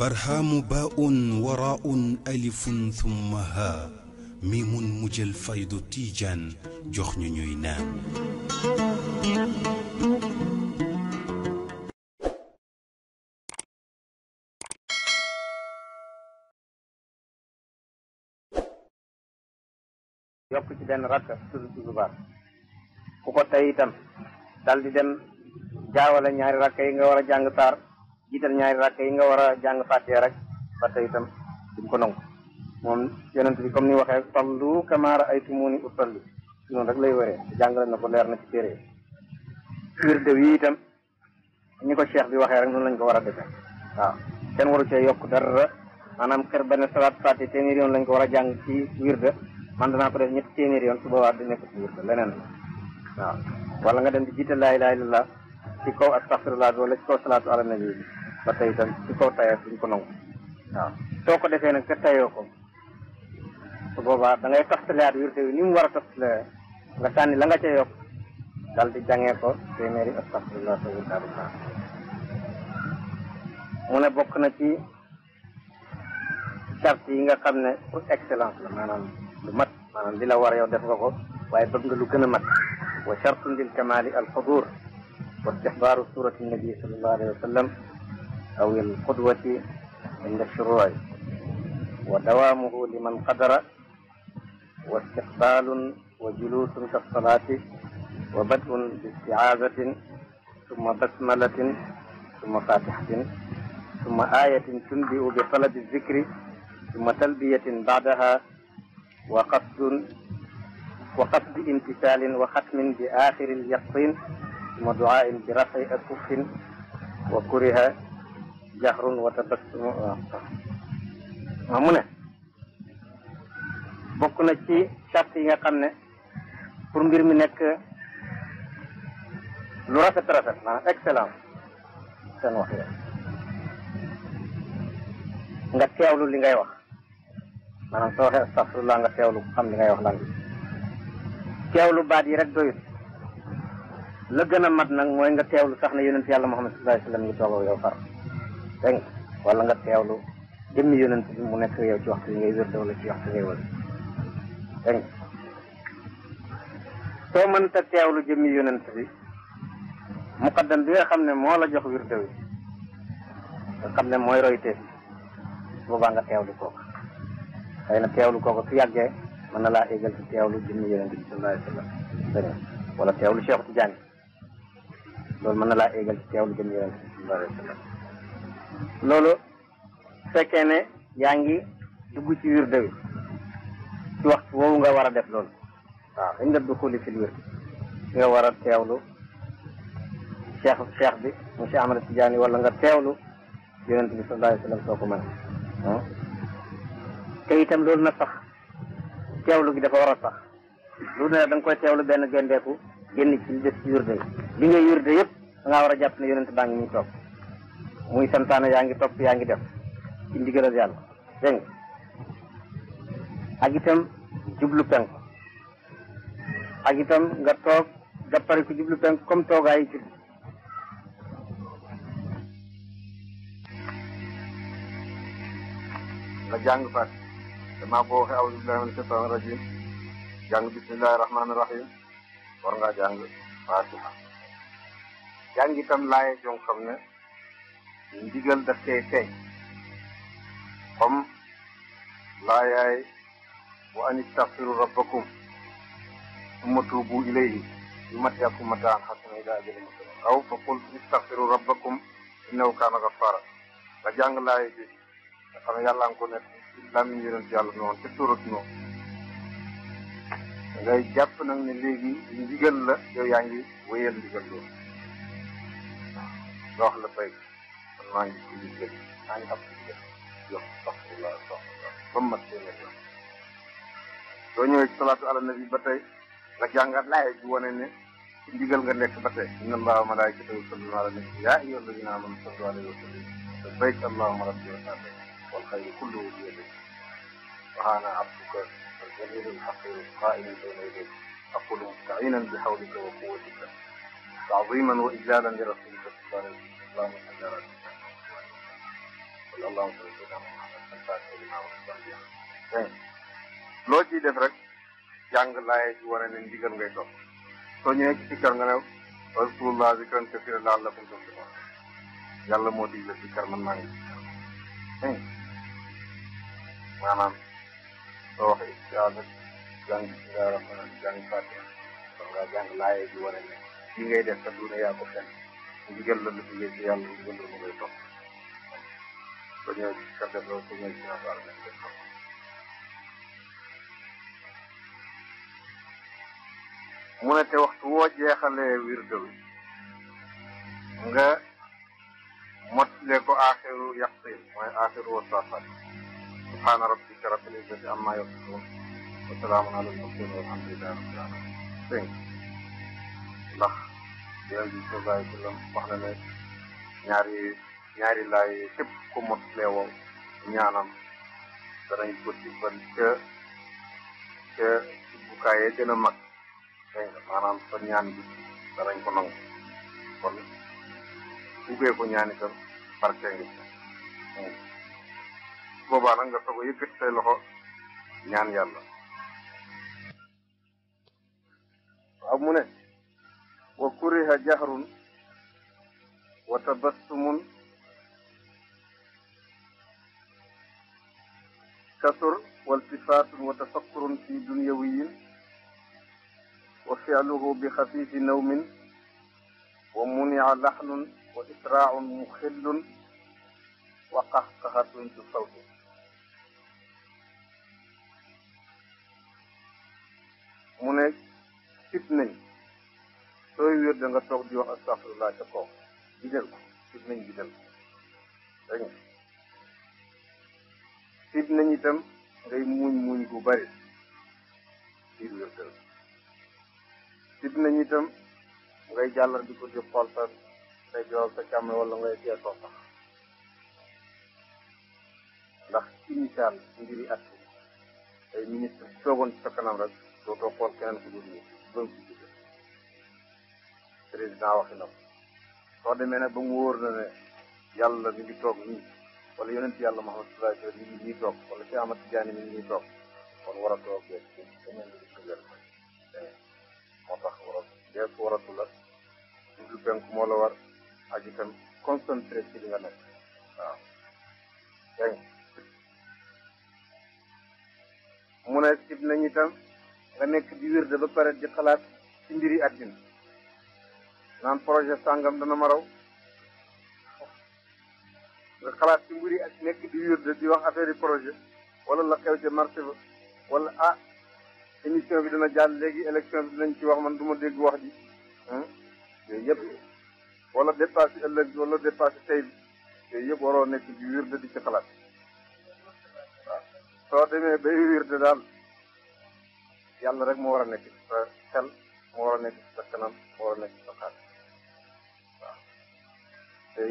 barhaamu baaun waraaun alifun thumma haa miimun mu jël faydu tiijaan jox ñu ñuy naan yokk ci benn rakk tudd ci ku ko tey itam dal di dem jaawale ñaari rakk yi nga war a jàng taar jiital ñaari rakk yi nga war a jàng yi rek ba tey tam du ko nangu moom yonent bi comme ni waxee sallu kamaa ra'aytumuuni usalli si noonu rek lay wëree jàngale na ko leer na ci téere wird yi itam ko cheikh bi waxee rek noonu lañ ko war a defee waaw kenn waru cee yokk maanaam kër benn salaat fàtte téeméeri yoon lañ ko a jàng ci wirda man danaa ko def ñetti téeméeri yoon su boobaa du nekk ci wirda leneen la waaw nga dem di jiital laa ilaaha illallaah ci kaw astaghfirullah wala ci kaw salaatu ala nabi ba tey itam ci kaw tayaat duñ ko nangu waaw soo ko defee nag te tayoo ko su boobaa da ngay taftalaat wirte wi ni mu war a taftalaat nga sànni la nga ca yokk dal di jàngee ko téeméeri astaxfirullah sa wirdaadu saa mu ne bokk na ci charte yi nga xam ne pour excellence la maanaam lu mat maanaam li la war yow def nga ko waaye bëgg nga lu gën a mat wa chartun lil kamali al xudur wa istixbaaru surati nabi sallallahu alayhi أو القدوة عند الشروع ودوامه لمن قدر واستقبال وجلوس كالصلاة وبدء باستعاذة ثم بسملة ثم فاتحة ثم آية تنبئ بطلب الذكر ثم تلبية بعدها وقصد وقصد امتثال وختم بآخر اليقين ثم دعاء برفع كف وكره jaxrun wa tabassum waaw mu ne bokk na ci charte yi nga xam ne pour mbir mi nekk lu rafet rafet maanaam excellence seen wax ya nga teewlu li ngay wax maanaam soo waxee astaghfirullah nga teewlu xam li ngay wax lan teewlu baat yi rek doyut la gën a mat nag mooy nga teewlu sax ne yonent yàlla Muhammad sallallahu alayhi wa sallam ngi toog yow far dégg wala nga teewlu jëmmi yonent bi mu nekk yow ci waxtu bi ngay wérde wala ci waxtu ngay wër dégg soo mënta teewlu jëmmi yonent bi muqaddam bi nga xam ne moo la jox wirde xam ne mooy royteef bi boobaa nga teewlu kooku xëy na teewlu kooku su yàggee mën na laa égal ci teewlu jëmmi yonent bi sallallahu alayhi wa sallam wala teewlu Cheikh Tidiane loolu mën na laa égal ci teewlu jëmmi yonent bi sallallahu alayhi wa sallam loolu fekkee ne yaa ngi dugg ci wirde wi ci waxtu woowu nga war a def loolu waaw inda duxuli fil wird nga war a teewlu cheikh cheikh bi mu cheikh Ahmad Tidiane wala nga teewlu yonent bi sallallahu alayhi wa sallam soo ko mën te itam loolu na sax teewlu gi dafa war a sax lu ne da koy teewlu benn gendeeku génn ci des ci wirde yi li ngay wirde yëpp da ngaa war a jàpp ne yonent baa ngi ñuy toog muy santana yaa ngi topp yaa ngi def ci ndigalal yàlla dégg ak itam jublu penk ak itam nga toog dappari ko jublu penk comme toogaayu ci la jàng fat dama boo waxe awdu billahi min shaitan rajim jàng bismillahi rahmani rahim war nga jàng fatiha jàng itam laaye jong xam ne ndigal daf cay feeñ comme laayaay wa an istaghfiru rabbakum summa tuubu ilayhi yumatti'kum mataa'an hasanan ilaa ajalin musamman aw fa qul istaghfiru rabbakum innahu kaana ghaffara nga jàng laaya jooju nga xam ne yàlla nga ko nekk yàlla noonu te suurat noonu ngay jàpp nag ne léegi ndigal la yow yaa wéyal ndigal loolu nga wax la fay maa ngi julli jël maa ngi am julli jox astaxfirullah astaxfirullah ba mu mat téeméer yoon soo ñëwee ci salaatu ala nabi ba tey nga jàngat laay ji wane ne ci ndigal nga nekk ba tey inna allaha malaikatahu yusalluna ala nabi yaa ayyuha alladina amanu sallu alayhi wa sallim labbayk allahumma rabbi wa sa'dik wal xayru kulluhu bi yadik wa ana abduka الجليل الحقير قائما بين يديك اقول مستعينا بحولك وقوتك تعظيما واجلالا لرسولك صلى الله عليه وسلم allahumma salli ala loo ciy def rek jàng laay ci wane ne ndigal ngay topp soo ñëwee ci sikkar nga ne yàlla moo digle sikkar man maa ngi sikkar dégg nga maanaam soo waxee istiaasa jàng bismillah rahmaan rahim jàng ji wane ne li ngay def te du ne yaa ko fenn ndigal la lu jógee ci yàlla ndigal ngay topp Господи, как добро ты есть на парне. mu ne te waxtu woo jeexalee wirdo wi nga motle ko axiru yaqin mooy axiru wasafat subhana rabbika rabbil izzati amma yasifun wa salaamun ala al-mursalin walhamdulillahi rabbil alamin dégg ndax yéen bi sa bàyyi wax na ne ñaar yi ñaari laay yooyu ku mot leewoo ñaanam danañ ko tibbal ca ca tibbukaay ya gën a mag dégg nga maanaam sa ñaan bi danañ ko nangu kon ubbee ko ñaan itam barke ngi ci hmm. boobaa nag nga soog a yëkkati loxo ñaan yàlla waaw ne wa kuriha jahrun wa kasur waltifaatun wa tafakkurun fi dunyawiyin wa fi'luhu bi xafiifi nawmin wa munia laxnun wa israacun muxillun wa qaxqaxatun ci sawti mu ne sib nañ sooy wér da nga toog di wax astaxfirullah ca kaw bidal ko sib nañ bidal ko dégg nga sib nañ itam ngay muñ muñ gu bari biir wérdal sib nañ itam ngay jàllar di ko di xool sa sa joor sa càmm wala ngay teetoo sax ndax ci misaal mbiri at ay ministre toogoon ci sa kanam rek dootoo xool keneen ku dul ñi président waxi soo demee nag ba mu wóor na ne yàlla mi ngi toog nii wala yonent yàlla Muhammad sallallahu alayhi wa sallam mi ngi nii toog wala Cheikh Ahmad Tidiane mi ngi nii toog kon war a toog beeg ci keneen li ci gën mooy moo tax war a beeg waratu la jublu penku moo la war ak itam concentré ci li nga nekk waaw dégg mu ne sib nañ itam nga nekk di wirde ba pare di xalaat ci mbiri àddina naan projet sàngam dana ma raw nga xalaat ci mbir nekk di wirde di wax affaire yi projet wala la xew ca marché ba ah émission bi dana jàll léegi élection bi dinañ ci wax man du ma dégg wax ji yooyu yëpp wala dépassé ëllëg bi wala dépassé bi yooyu yëpp waroo nekk di wirde di ci xalaat waaw soo demee bay wirde daal yàlla rek moo war a nekk ci sa xel moo war a nekk ci sa kanam moo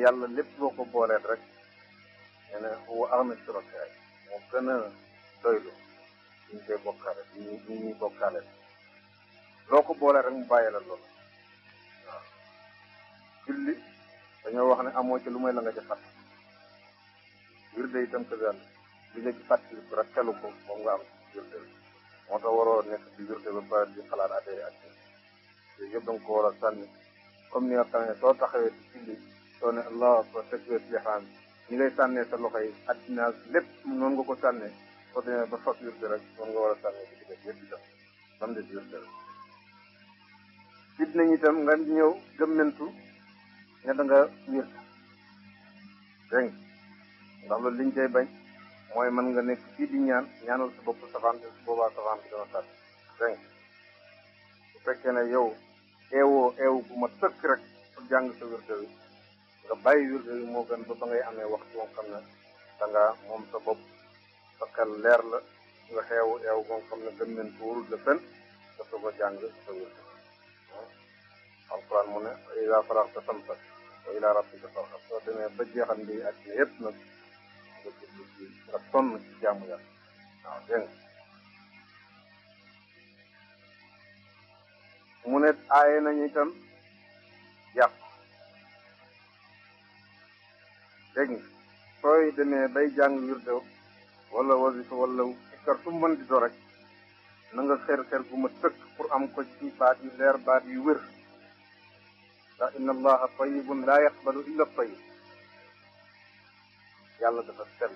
yàlla lépp boo ko booleet rek nee na wa ax na surakaay moo gën a doylu ñu koy bokkaale loo ko boole rek mu bàyyi la loolu waaw julli dañoo wax ne amoo ci lu may la nga ca fàtt wirde itam que daal li nga ci ko moom nga am wirde moo tax waroo nekk di wirde ba pare di xalaat adee ak yooyu yëpp da ko war sànni comme ni nga xam ne soo taxawee di julli soo ne allah soo teg wee ci lixaam ni ngay sànnee sa loxo yi addinaag lépp noonu nga ko sànnee soo demee ba fas wirde rek noonu nga war a sànnee ci def yëpp itam ba des wirde rek sit nañ itam nga ñëw gëmmentu ne da nga wirde dégg ndax loolu liñ cay bañ mooy mën nga nekk fii di ñaan ñaanal sa bopp safaan su boobaa safaan bi dégg bu fekkee ne yow eewoo eewu bu ma tëkk rek pour jàng sa wi nga bàyyi wirde yi moo gën ba ba ngay amee waxtu nga xam ne da moom sa bopp sa xel leer nga xeewu eew moom xam ne gën leen tuurul la fenn nga soog a jàng mu ne ila faraxta famsak wa soo demee ba jeexal mbiri àddina yépp nag nga jublu ci nga mu ne aaye nañu itam yàq dégg nga sooy demee bay jàng wirdo wala wasifa wala ikkar su mën di do rek na nga xer xer gu ma tëkk pour am ko ci baat yu leer baat yu wér ndax inna allaha tayibun laa yaqbalu illa tayib yàlla dafa sell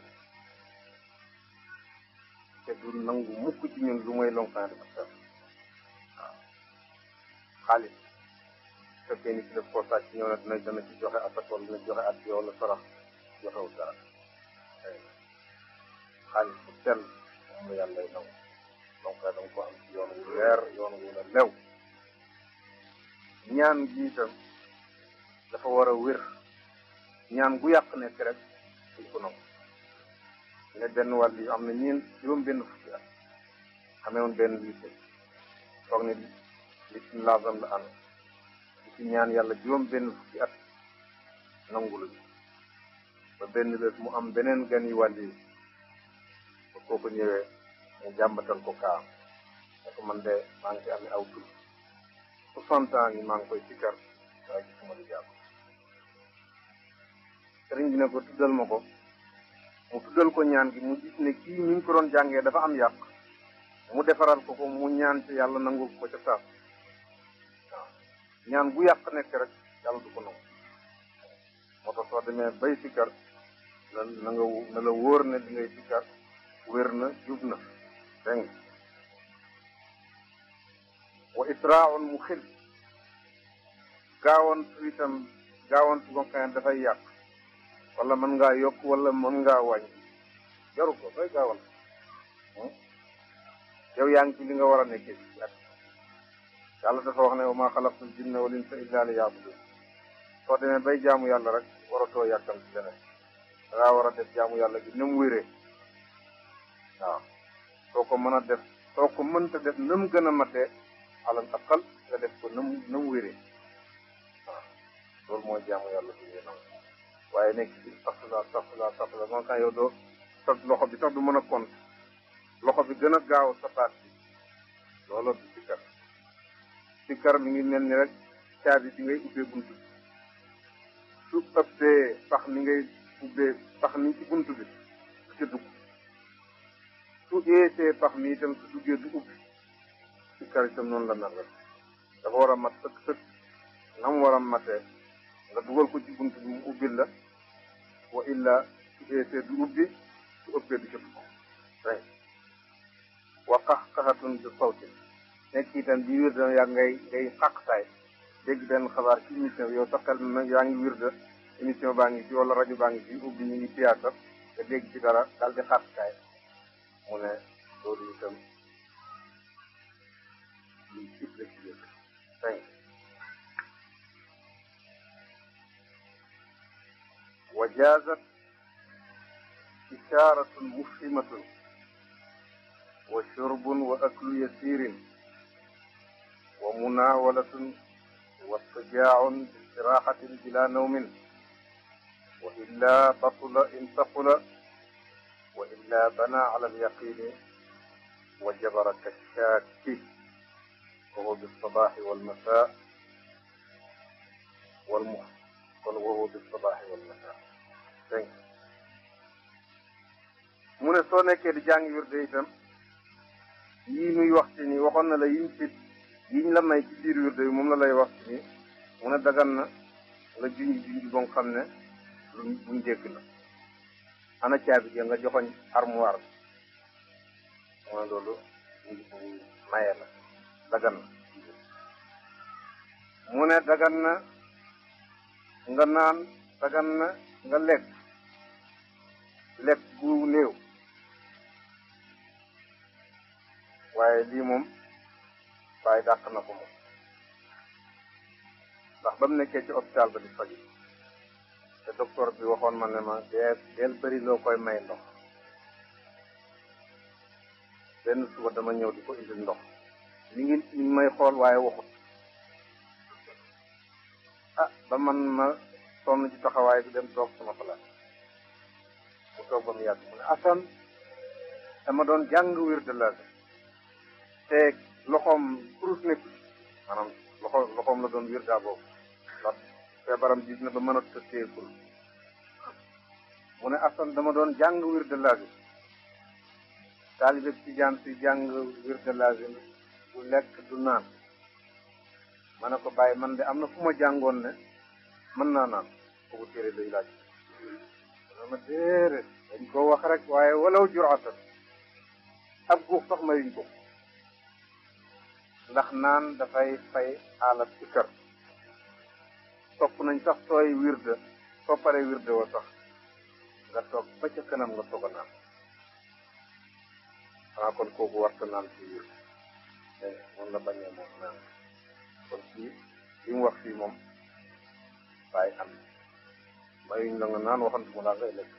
te du nangu mukk ci ñun lu mooy lonkaan dafa sell waaw xaalis fekkee ni ci def koo sàcc ñëw na dina dana ci joxe asakol dina joxe addiyo wala sarax joxewul dara xaalis bu sell moom yàlla lay naw donc da wu leer yoon wu la lew ñaan gi itam dafa war a wér ñaan gu yàq nekk rek duñ benn wàll yu am na ñeen juróom benn fukki at xamee woon benn lycée foog ne ñaan yàlla juróom benn fukki at nangu la ba benn bés mu am beneen gan yu wàlli ba kooku ñëwee ñu jàmbatal ko kaam ne ko man de maa ngi ci amee aw tur soixante ans yi maa ngi koy sikkar waaye gisuma di jàpp sëriñ bi ne ko tuddal ma ko mu tuddal ko ñaan gi mu gis ne kii ni ñu ko doon jàngee dafa am yàq mu defaral ko ko mu ñaan ci yàlla nangu ko ca saaf ñaan bu yàq nekk rek yàlla du ko nangu moo tax soo demee bay sikkar na na la wóor ne di ngay dikkaat wér na jub na dégg nga wa israun mu xil gaawantu itam gaawantu boo xam dafay yàq wala mën ngaa yokk wala mën ngaa wàññi jaru ko bay gaawantu yow yaa ci li nga war a nekkee ci at yàlla dafa wax ne wa maa xalaqtul jinna wal insa illa li yaabudun soo demee bay jaamu yàlla rek waratoo yàkkam ci da ngaa war a def jaamu yàlla gi na mu wéree waaw soo ko mën a def soo ko mënta def na gën a matee alal aqal nga def ko na mu na waaw loolu mooy jaamu yàlla bi ngay nangu waaye nekk ci safla safla safla man kan yow doo sa loxo bi sax du mën a kont loxo bi gën a gaaw sa baat bi looloo bi sikkar sikkar mi ngi mel ni rek caabi bi ngay ubbee buntu su ëppee sax ni ngay ubbee pax mi ci bunt bi du ca dugg su eesee pax mi itam su duggee du ubbi si kar itam noonu la mel dafa war a mat sëkk sëkk na mu war a matee nga dugal ko ci bunt bi mu ubbil la wa illa su eesee du ubbi su ëppee du ca dugg rek wa qax qaxatun bi sawtin nekk itam di wirda yaa ngay ngay xàq saay dégg benn xabaar ci émission yow sa xel yaa ngi wirda émission baa ngi fi wala rajo baa ngi fi ubbi ñu ngi siyaasa nga dégg ci dara dal di xat kaay mu ne loolu itam lu cib la ci yëg thank wa إشارة مفهمة wa وأكل wa ومناولة bi باستراحة bila nawmin وإلا بطل إن تقل وإلا بنى على اليقين وجبر كالشاك وهو بالصباح والمساء والمح والغروب الصباح والمساء ثانك من سونه كي جان يورده يتم يي نوي وقتيني وخون لا يي نيت يي لا ماي سي بير يورده موم لا لاي وقتيني من دغان لا جيني جيني بون خامنه luñ luñ dégg la ana caabi joxoñ armoire bi mooy maye la dagan na mu ne dagan na nga naan dagan na nga lekk lekk gu néew waaye lii moom bàyyi dàq na ko ndax ba mu nekkee ci hôpital ba di faju te docteur bi waxoon ma ne ma deel deel bëri loo koy may ndox benn suba dama ñëw di ko indil ndox mi ngi mi may xool waaye waxut ah ba man ma sonn ci taxawaay bi dem toog sama palaas mu toog ba mu yàgg mu ne asan dama doon jàng wirde la te loxoom kurus nekku maanaam loxo loxoom la doon wirda boobu feebaram gis na ba mën a tëtteekul mu ne asan dama doon jàng wird lazim taalibe tijaan si jàng wird lazim du lekk du naan ma ne ko bàyyi man de am na fu ma jàngoon ne mën naa naan kooku téere dañ ko wax rek waaye walaw juratan ab guux sax mayuñ ko ndax naan dafay fay xaalat ci kër sopp nañ sax sooy wirde soo paree wirde woo sax nga toog ba ca nga soog naan xanaa kon kooku warta naan ci wirde eh, moom la bañee moom naan kon fii li mu wax fii moom bàyyi am mayuñ la nga naan waxantuma laa ngay lekk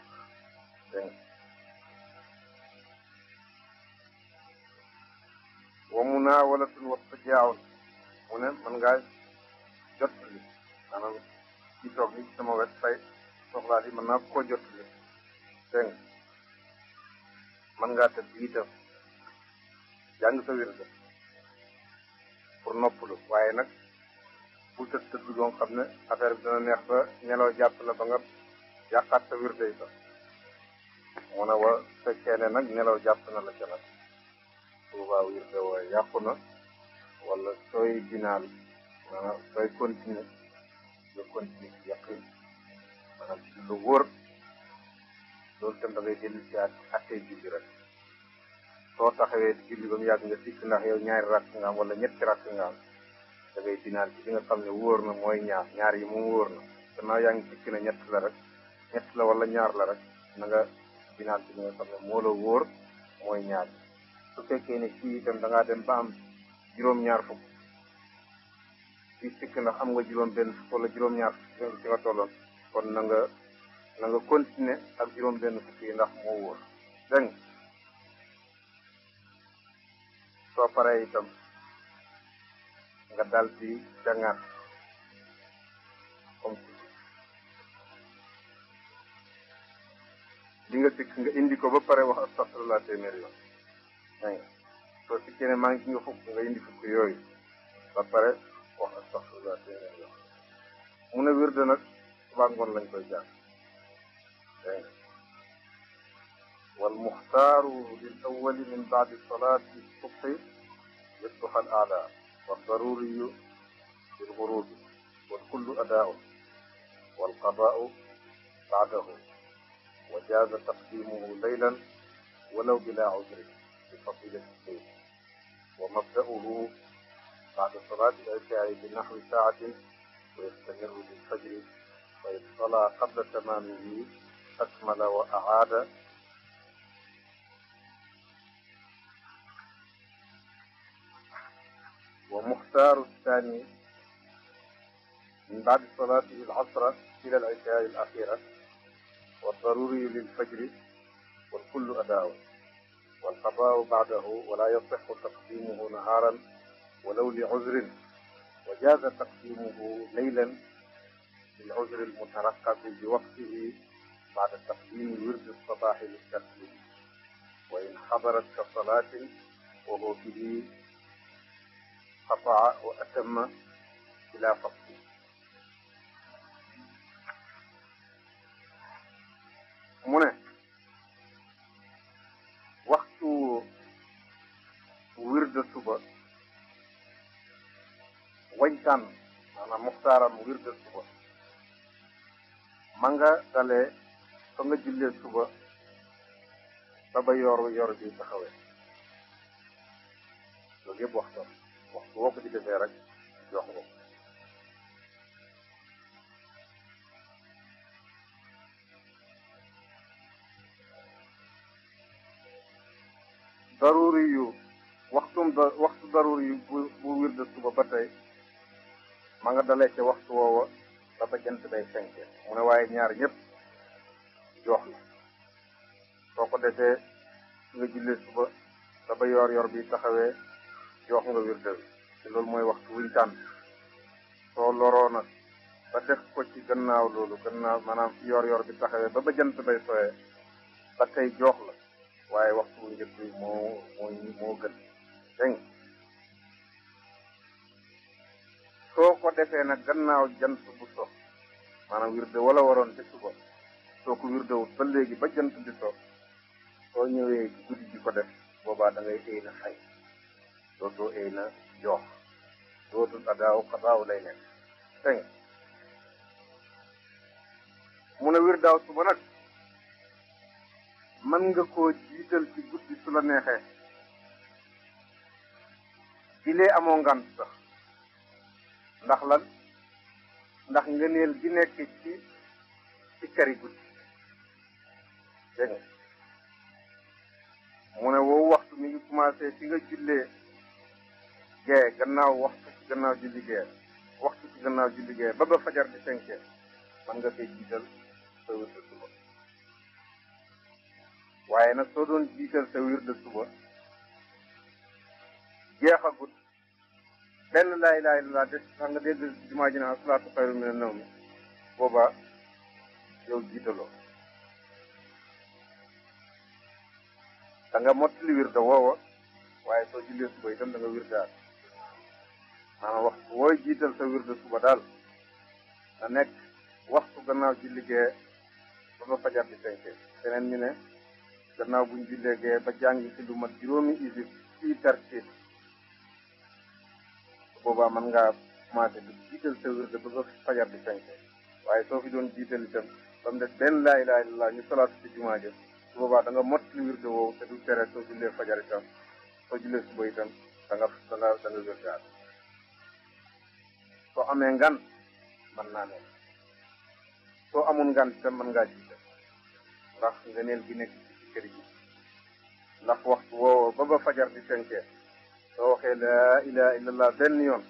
dégg naa wala tun wax sa jaawoon mu ne man ngaa jot maanaam ci toog bi sama wet fay soxlaa yi mën na ko jot li dégg mën ngaa tëdd itam jàng sa wird pour noppalu waaye nag bul tëdd tëdd boo xam ne affaire bi dina neex ba nelaw jàpp la ba nga yàqaat sa wird yi sax wa fekkee ne nag nelaw jàpp na la ca nag boobaa wird wa yàqu wala sooy ginaal maanaam sooy continuer nga continuer ci yaqin loolu itam da ngay si at julli rek soo taxawee di julli ba mu nga sikk ndax yow ñaari rakk nga am wala ñetti rakk nga am da ngay dinaan ne wóor na mooy ñaar ñaar yi moom wóor na gannaaw yaa ngi sikk na ñett la rek ñett la wala ñaar la rek na nga dinaan ci ne moo la mooy ñaar su fekkee ne fii itam da ngaa dem juróom-ñaar fukk ci sikk ndax am nga juróom benn fukk wala juróom ñaar fukk ci nga tolloon kon na nga na ak juróom benn fukk ndax moo wóor dégg soo paree itam nga dal di jàngaat comme li nga sikk nga indi ko ba pare wax astaghfirullah téeméer yoon dégg nga soo sikkee ne maa ngi ci nga fukk nga indi fukk yooyu ba pare waxal sax sax daa dina yo mu ne wirde nak bangon lañ koy jàng والمختار للأول من بعد صلاة الصبح يصبح الأعلى والضروري للغروب والكل أداء والقضاء بعده وجاز تقديمه ليلا ولو بلا عذر لفضيلة الليل ومبدأه بعد صلاة العشاء بنحو ساعة ويستمر بالفجر وإن صلى قبل تمامه أكمل وأعاد ومختار الثاني من بعد صلاة العصر إلى العشاء الأخيرة والضروري للفجر والكل أداء والقضاء بعده ولا يصح تقديمه نهارا ولو لعذر وجاز تقديمه ليلا للعذر المترقب بوقته بعد تقديم ورد الصباح للتقديم وإن حضرت كصلاة وهو به قطع وأتم إلى فصل منى وقت ورد wirda wañtaan maanaam muxtaaram ngir de suba ma nga fa nga jullee suba ba ba yoru yor bi taxawee loolu yëpp waxtaan waxtu woo ko ci defee rek jox ko daruri waxtum da waxtu daruri bu bu wir suba ba tey ma nga dalee ca waxtu woowa ba ba jant bay fenke mu ne waaye ñaar yépp joox la soo ko defee nga jullee suba ba ba yoor yor bi taxawee joox nga wirde wi te loolu mooy waxtu wuñ tànn soo loroo ba def ko ci gannaaw loolu gannaaw maanaam yor yor bi taxawee ba ba jant bay sooyee ba tey joox la waaye waxtu wu njëkk bi moo moo gën dégg soo defee nag gannaaw jant bu so maanaam wirde wala waroon ci suba soo ko wirdewut ba léegi ba jant di so soo ñëwee guddi ji def boobaa dangay ngay éy na xay dootoo éy na joox dootul adaaw xadaaw lay nekk dégg nga mu ne daaw suba nag mën nga koo jiital ci guddi su neexee di lee sax ndax lan ndax ngëneel gi nekk ci ci kari guddi mu ne woowu waxtu mi ngi commencé fi nga jullee gee gannaaw waxtu ci gannaaw julli gee waxtu ci gannaaw julli gee ba ba fajar di cinq man nga koy jiital sa wird de suba waaye nag soo doon jiital sa wird de suba jeexagut benn laa ilaaha illallaah te sax nga dégg jumaa ji naa salaatu xayrun mina nawmi boobaa yow jiitaloo da nga mottali wirda woowa waaye soo jullee suba itam da nga wirdaat maanaam wooy jiital sa wirda suba daal da nekk waxtu gannaaw julli gee ba ba fajar di fenke beneen ñu ne gannaaw buñ jullee gee ba jàngi ci lu mat juróomi isib fii tartiib boobaa man ngaa commencé di jiital sa wérde ba ba fajar di cinq waaye soo fi doon jiital itam ba mu des benn laa ilaha illallah ñu salaatu ci jumaa ja su boobaa da nga mottali wérde woowu te du tere soo jullee fajar itam soo jullee suba itam da nga da nga da soo amee ngan mën naa soo amul ngan itam mën ngaa jiital ndax nga neel gi nekk ci ndax waxtu woowo ba ba fajar di cinq soo waxee laa ilaha illallah benn yoon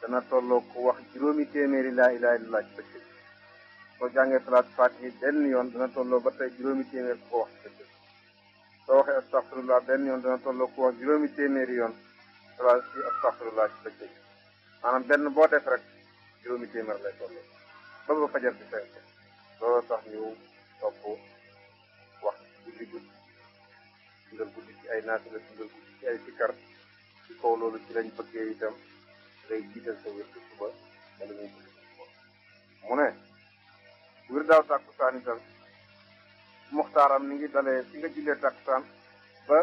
dana tolloog wax juróomi téeméeri laa ilaha illallah ci bëccëg soo jàngee salaat faatihi benn yoon dana tolloo ba tey juróomi téeméer ku ko wax ci bëccëg soo waxee astaxfirullah benn yoon dana tolloo ku wax juróomi téeméeri yoon salaat ci la ci bëccëg maanaam benn boo def rek juróomi téeméer lay tolloo ba ba fajar bi fenk loolu tax ñu topp wax guddi guddi ci ay naafila dundal guddi ci ay sikkar kaw loolu ci lañ bëggee itam day jiital sa wér suba wala ngay bëgg suba mu ne wir daaw tàkkusaan itam muxtaaram mi ngi dalee fi nga jullee tàkkusaan ba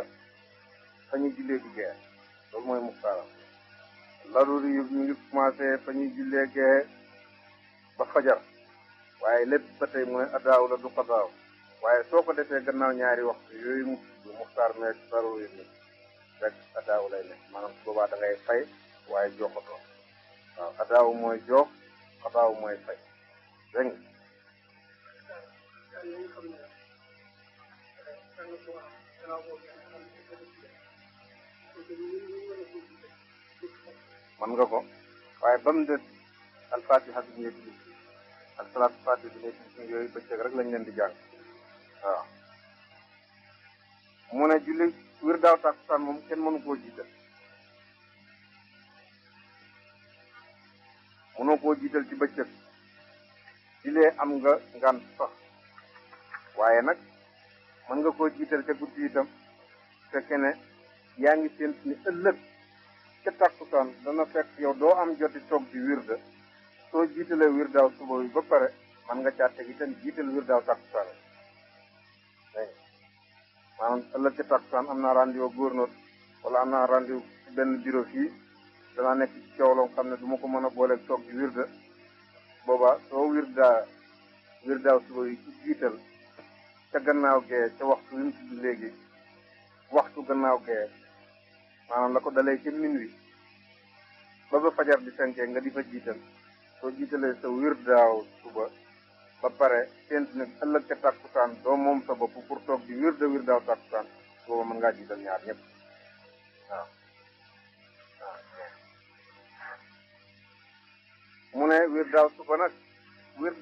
fa ñuy jullee di geer loolu mooy muxtaaram laruri yu ñu ngi commencé fa ñuy jullee geer ba fajar waaye lépp ba tey mooy adaaw la du xadaaw waaye soo ko defee gannaaw ñaari waxtu yooyu mu tudd muxtaar meeg laruri yi rek adaaw lay nekk maanaam boobaa da fay waaye joxatoo waaw adaaw mooy jox xataaw mooy fay dégg nga mën nga ko waaye ba mu des alfatiha bi ngay tudd ak salaatu fatiha bi ngay tudd yooyu bëccëg rek lañ leen di jàng waaw mu ne julli wir daaw tàkkusaan moom kenn mënu koo jiital mënoo koo jiital ci bëccëg dilee am nga ngant sax waaye nag mën nga koo jiital ca guddi itam fekke ne yaa ngi séent ni ëllëg ca tàkkusaan dana fekk yow doo am joti toog di wirda soo jiitalee wir daaw suba yi ba pare mën nga caa teg itam jiital wir daaw tàkkusaan maanaam ëllëg ci takkusaan am naa rendez-vous gouverneur wala am naa rendez benn bureau fii danaa nekk ci coow xam ne du ma ko mën a booleeg toog di wirda boobaa soo wirdaa wirdaaw jiital ca gannaaw gee ca waxtu wi mu tudd léegi waxtu gannaaw gee maanaam la ko dalee ca minuit ba ba fajar di fenkee nga di jiital soo jiitalee sa wirdaaw suba ba pare tent nag ëllëg ca tàkkusaan doo moom sa bopp toog di wir de wir daaw mën ngaa jiital ñaar ñëpp mu ne wir suba nag wir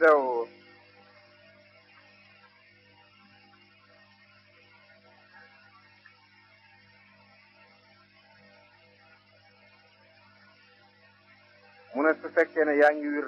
mu ne su fekkee ne yaa ngi wir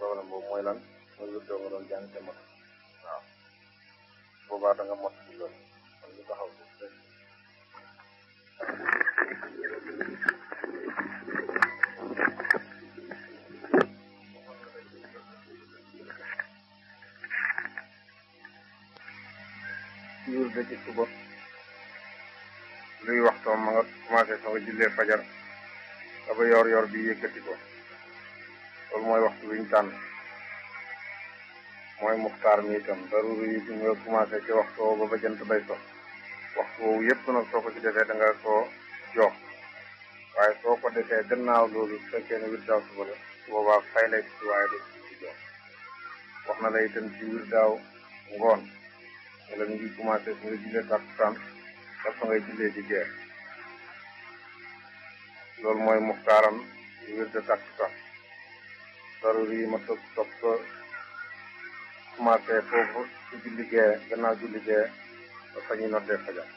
dogalam boobu mooy lan mooy wirdoo nga doon jàng te mat waaw boobaa da nga mot ci loolu kon ñu taxaw ci wirde ci suba luy ma nga commencé fajar yor yor bi ko loolu mooy waxtu bi ñu tànn mooy muxtaar mi itam daruri yi bi nga commencé ci waxtu woowu ba ba jant bay so waxtu woowu yépp nag soo ko ci defee da nga jox waaye soo ko defee gannaaw loolu su fekkee ne wir daaw suba la su boobaa fay lay ci waaye du ci jox wax na la itam ci wir daaw ngoon ne la ñu ngi commencé fi nga jullee takkusaan daf fa ngay jullee di jeex loolu mooy muxtaaram ci wir de takkusaan daruri yi ma toog topp ko commencé foofu ci julli gee gannaaw julli gee ba fa ñuy noddee fajar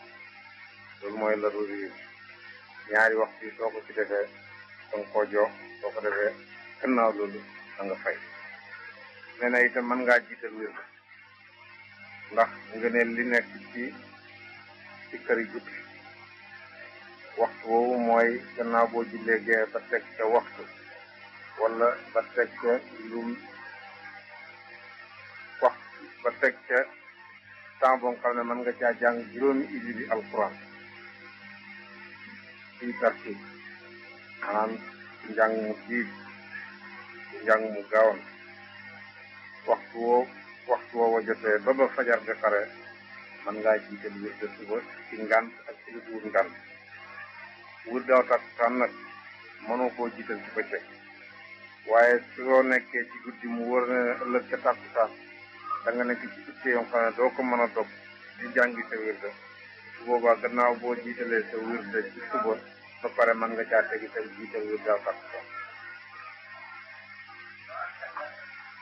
loolu mooy daruri ñaari waxtu soo ko ci defee danga koo jox soo ko defee gannaaw loolu da nga nee na itam mën ngaa jiital wér ndax nga li nekk ci ci kër yi guddi waxtu woowu mooy gannaaw boo jullee gee ba teg ca waxtu wala ba tek ca lu wax ba tek ca temps boo xam ne mën nga caa jàng juróomi ibi bi alquran ci tartib maanaam njàng mu diib njàng mu gaawan waxtu woo waxtu woowa jotee ba ba fajar di xare mën ngaa jiital wér de suba ci ngant ak ci duur ngant wur daaw takk tan nag mënoo koo jiital ci bëccëg waaye soo nekkee ci guddi mu wër ne ëllëg ca tàkkusaan da nga nekk ci itte yoo xam ne doo ko mën a dog di jàngi sa wirda su boobaa gannaaw boo jiitalee sa wirda ci suba ba pare mën nga caa tegi sa jiite wirda tàkkusaan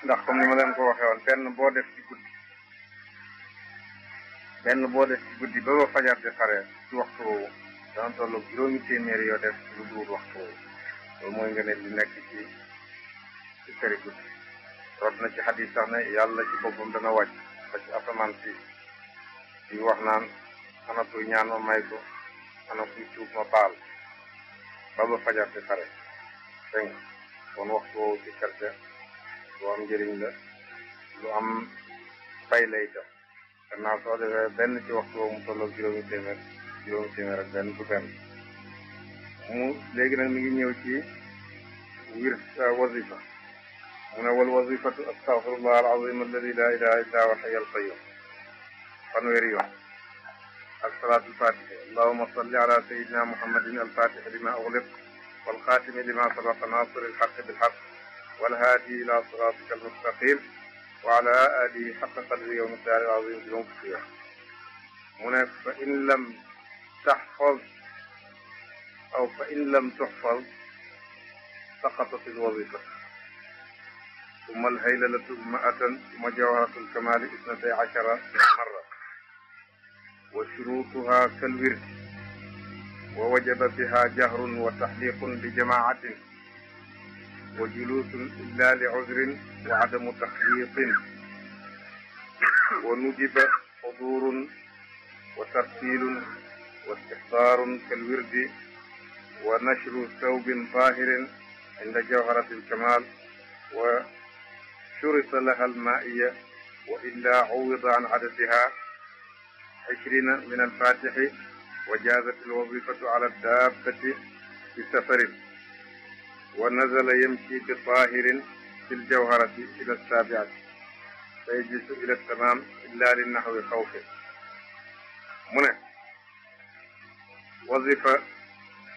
ndax comme ni ma leen ko waxee woon benn boo def ci guddi benn boo def ci guddi ba ba fajar di xaree ci waxtu woowu dana tollu juróomi téeméeri yoo def lu duur waxtu woowu mooy nga ne di nekk ci ci kër guddi na ci xadis sax ne yàlla ci boppam dana wàcc ba ci asamaan si di wax naan ana kuy ñaan ma may ko ana kuy tuub ma baal ba ba fajar di xare dégg nga waxtu woowu ci kerte lu am njëriñ la lu am fay lay def gannaaw soo defee benn ci waxtu woowu mu tolloo juróomi téeméer juróomi téeméer ak benn bu benn mu léegi nag mi ngi ñëw ci wir euh, wasifa هنا والوظيفة أستغفر الله العظيم الذي لا إله إلا هو الحي القيوم فنويريو الصلاة الفاتحة اللهم صل على سيدنا محمد الفاتح لما أغلق والخاتم لما سبق ناصر الحق بالحق والهادي إلى صراطك المستقيم وعلى آله حق قدره يوم الدار العظيم في يوم هنا فإن لم تحفظ أو فإن لم تحفظ سقطت الوظيفة ثم الهيللة مئة ثم جوهرة الكمال اثنتي عشر مرة وشروطها كالورد ووجب بها جهر وتحليق بجماعة وجلوس إلا لعذر وعدم تخليق ونجب حضور وترتيل واستحضار كالورد ونشر ثوب طاهر عند جوهرة الكمال و شرط لها المائية وإلا عوض عن عددها عشرين من الفاتح وجازت الوظيفة على الدابة بسفر ونزل يمشي بطاهر في الجوهرة إلى السابعة فيجلس إلى التمام إلا للنحو خوفه منى وظيفة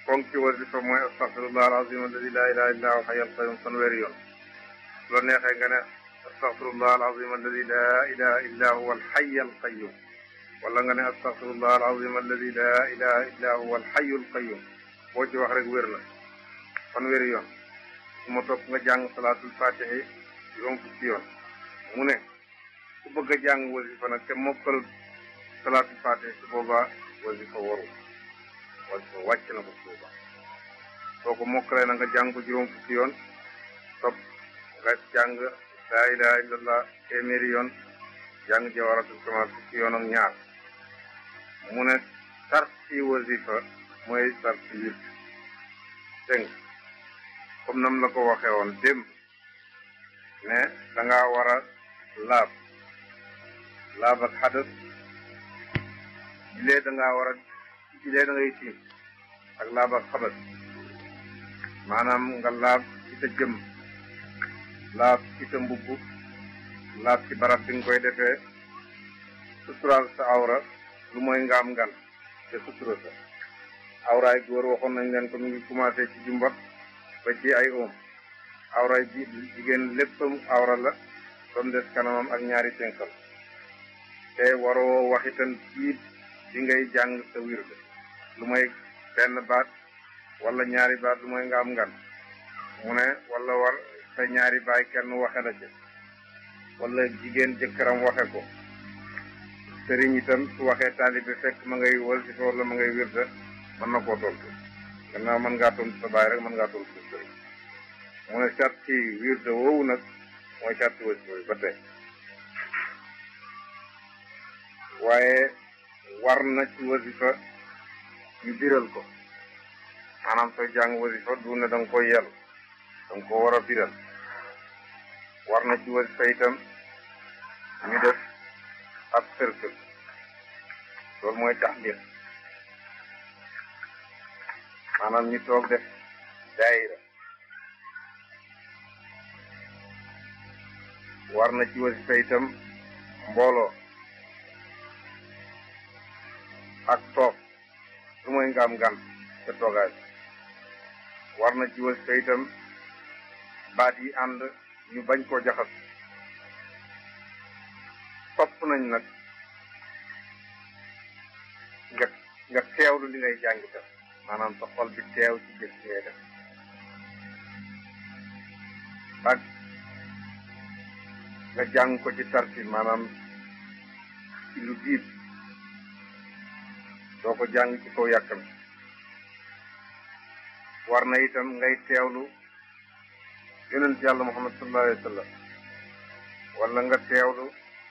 كونك وظيفة ما أستغفر الله العظيم الذي لا إله إلا هو حي القيوم fanweeri yoon bu la neexee nga ne astaghfirullah alazim alladi la ilaha illa huwa alxay alqayum wala nga ne astaghfirullah alazim alladi la ilaha illa huwa alxayu alqayum boo ci wax rek wér na fanweeri yoon su ma topp nga jàng salaatul fatihi juróom fukki yoon mu ne ku bëgg a jàng wasifa nag te mokkal salaatul fatihi su boobaa wasifa waru wasifa wàcc na ko su boobaa soo ko mokkalee na nga jàng ko juróom fukki yoon topp nga jàng laa ilaha illallah téeméeri yoon jàng jawaratul kamal fukki yoon ñaar mu ne sarti wasifa mooy sarti yëpp dégg comme nam la ko waxee woon démb ne da war a laab laab ak xadas jilee da ngaa war a jilee ak laab ak xabas maanaam nga laab ci jëm laab ci sa mbubb laab ci barab bi nga koy defee suturaal sa awra lu mooy nga am ngan te sutura sa awraay góor waxoon nañ leen ko mu ngi commencé ci jumbat ba ci ay oom awraay ji jigéen léppam awra la doon des kanamam ak ñaari tenkal te waroo waxitan ciit di ngay jàng sa wirde lu mooy benn baat walla ñaari baat lu mooy nga am ngan mu ne wala war sa ñaari baay kenn waxe la ca wala jigéen jëkkëram waxe ko sëriñ itam su waxee taalibe fekk ma ngay wasifa wala ma ngay wirda mën na koo tontu gannaaw mën ngaa tontu sa baay rek mën ngaa tontu sa sëriñ mu ne sart ci wirda woowu nag mooy sart wasifa ba tey waaye war na ci wasifa ñu biral ko maanaam sooy jàng wasifa du ne da nga yel da ko war a biral war na ci wasifa itam ñu def ab cercle loolu mooy taxdir maanaam ñu toog def daayira war na ci wasifa itam mbooloo ak toog lu mooy nga am gan ca war na ci wasifa itam baat yi ànd ñu bañ koo jaxas topp nañ nag nga nga teewlu li ngay jàng def maanaam sa xol bi teew ci jëf li def ak nga jàng ko ci tartil maanaam ci lu diib doo ko jàng ci kaw yàkkam war na itam ngay teewlu yonent yàlla muhammad sallallahu alayhi wa sallam wala nga teewlu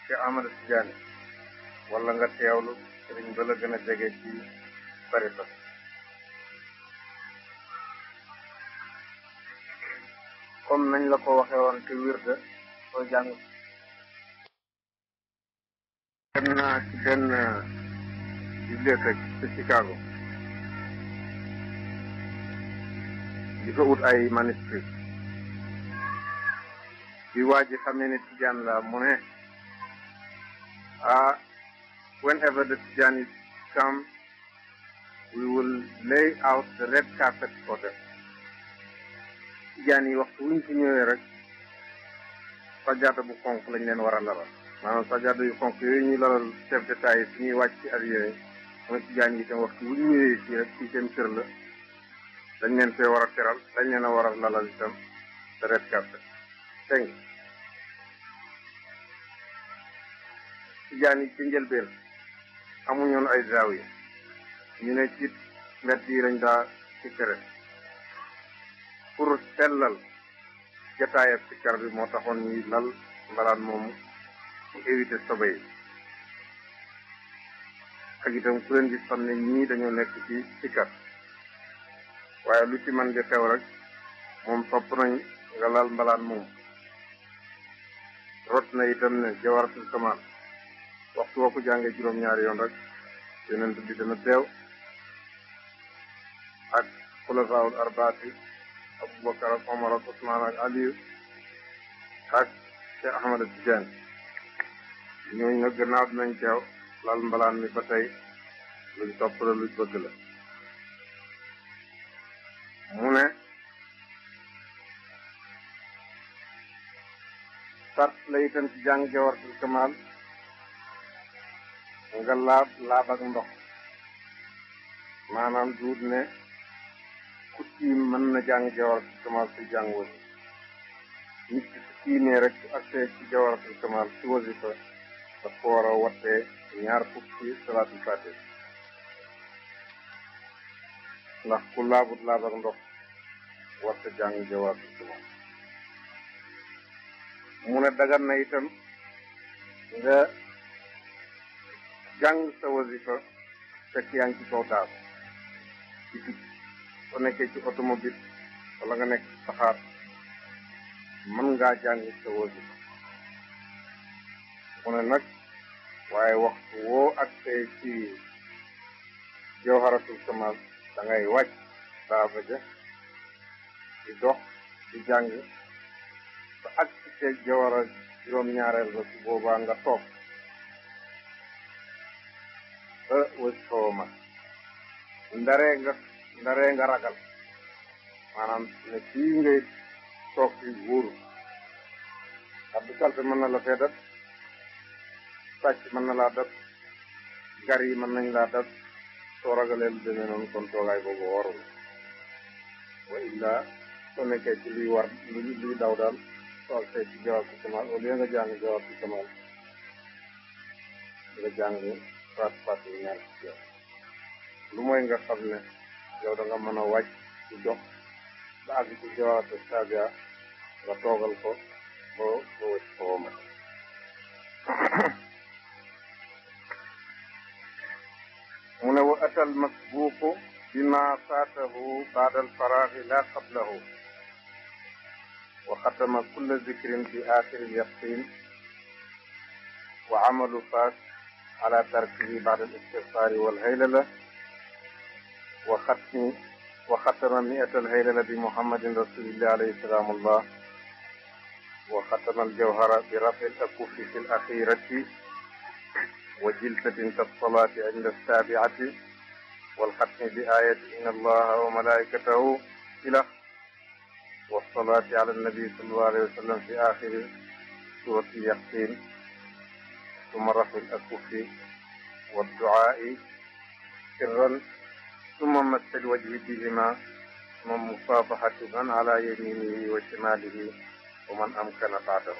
ci Ahmad Tijaani wala nga teewlu sëriñ ba gën a jege ci tariqa comme nañ la ko waxee woon te wirda soo jàng dem naa ci benn bibliothèque ci ut ay manuscrits bi waa ji xamee ne Tijaan la mu ne ah whenever the Tijanis come we will lay out the red carpet for them Tijaan yi waxtu wuñ fi ñëwee rek sajaada bu xonq lañ leen war a laral maanaam sajaada yu xonq yooyu ñuy laral chef d'état yi ñuy wàcc ci avion mooy Tijaan yi tam waxtu wuñ ñëwee fii rek ci seen kër la dañ leen fee war a teral dañ leen a war a lalal itam the red carpet dégg nga tijaan yi ci njëlbeen amuñoon ay zaawiya ñu ne ci mbedd yi lañ daa sikkare pour sellal jataayab sikkar bi moo taxoon ñuy lal mbalaan moomu mu éviter sobe yi ak itam ku leen gis xam ñii dañoo nekk ci sikkar waaye lu ci man di xew rek moom topp nañ nga lal mbalaan moomu rot na itam ne jawaratul kamal waxtu woo ko jàngee juróom-ñaari yoon rek yonent bi dana teew ak xulafaawul arbaat yi abubakar ak omar ak usmaan ak aliyu ak cheikh ahmad tidiane ñooñu nag gannaaw dinañ teew lal mbalaan mi ba tey luñ topp la luñ bëgg la mu ne sart la itam ci jàng jawartul kamaal nga laab laab ndox maanaam duut ku tiim mën na jàng jawartul kamaal te jàng wasi nit ki su tiimee rek su agsee ci jawartul kamaal ci wasifa daf ko a wattee ñaar fukki salaatul fatih ndax ku laabut laab ndox war jàng jawartul kamaal mu ne dagan na itam nga jàng sa wasifa fekk yaa ci kaw daal ci picc soo nekkee ci automobile wala nga nekk saxaar mën ngaa jàng sa wasifa mu nag waaye waxtu woo ak ci jawharatul kamal da ngay wàcc daaba ja di dox di jàng ba ak fekk jawar a juróom-ñaareel ba su boobaa nga toog ba wës foo ma ndaree nga ndaree nga ragal maanaam ne fii ngay toog fi wóoru ab salte mën na la fee def sàcc mën na laa def gar yi mën nañ laa def soo ragalee lu noonu kon toogaay boobu warul wa illaa soo nekkee ci luy war luy daw tool tey ci jawaab bi Kamal au lieu nga jàng jawaab bi Kamal nga jàng faat faat yi ñaar ci yow lu mooy nga xam ne yow nga mën a wàcc ci dox ba àgg ci jawaatu saabia nga toogal ko ba ba wëcc ko womat mu ne wa atal masbuuqu bima faatahu baadal faraaxi laa qablahu وختم كل ذكر في آخر اليقين وعمل فاس على تركه بعد الاستغفار والهيللة وختم وختم مئة الهيللة بمحمد رسول الله عليه السلام الله وختم الجوهر برفع الأكف في الأخيرة وجلسة كالصلاة عند السابعة والختم بآية إن الله وملائكته إلى والصلاة على النبي صلى الله عليه وسلم في آخر سورة يقين ثم رفع الأكف والدعاء سرا ثم مس الوجه بهما ثم مصافحة من على يمينه وشماله ومن أمكن بعده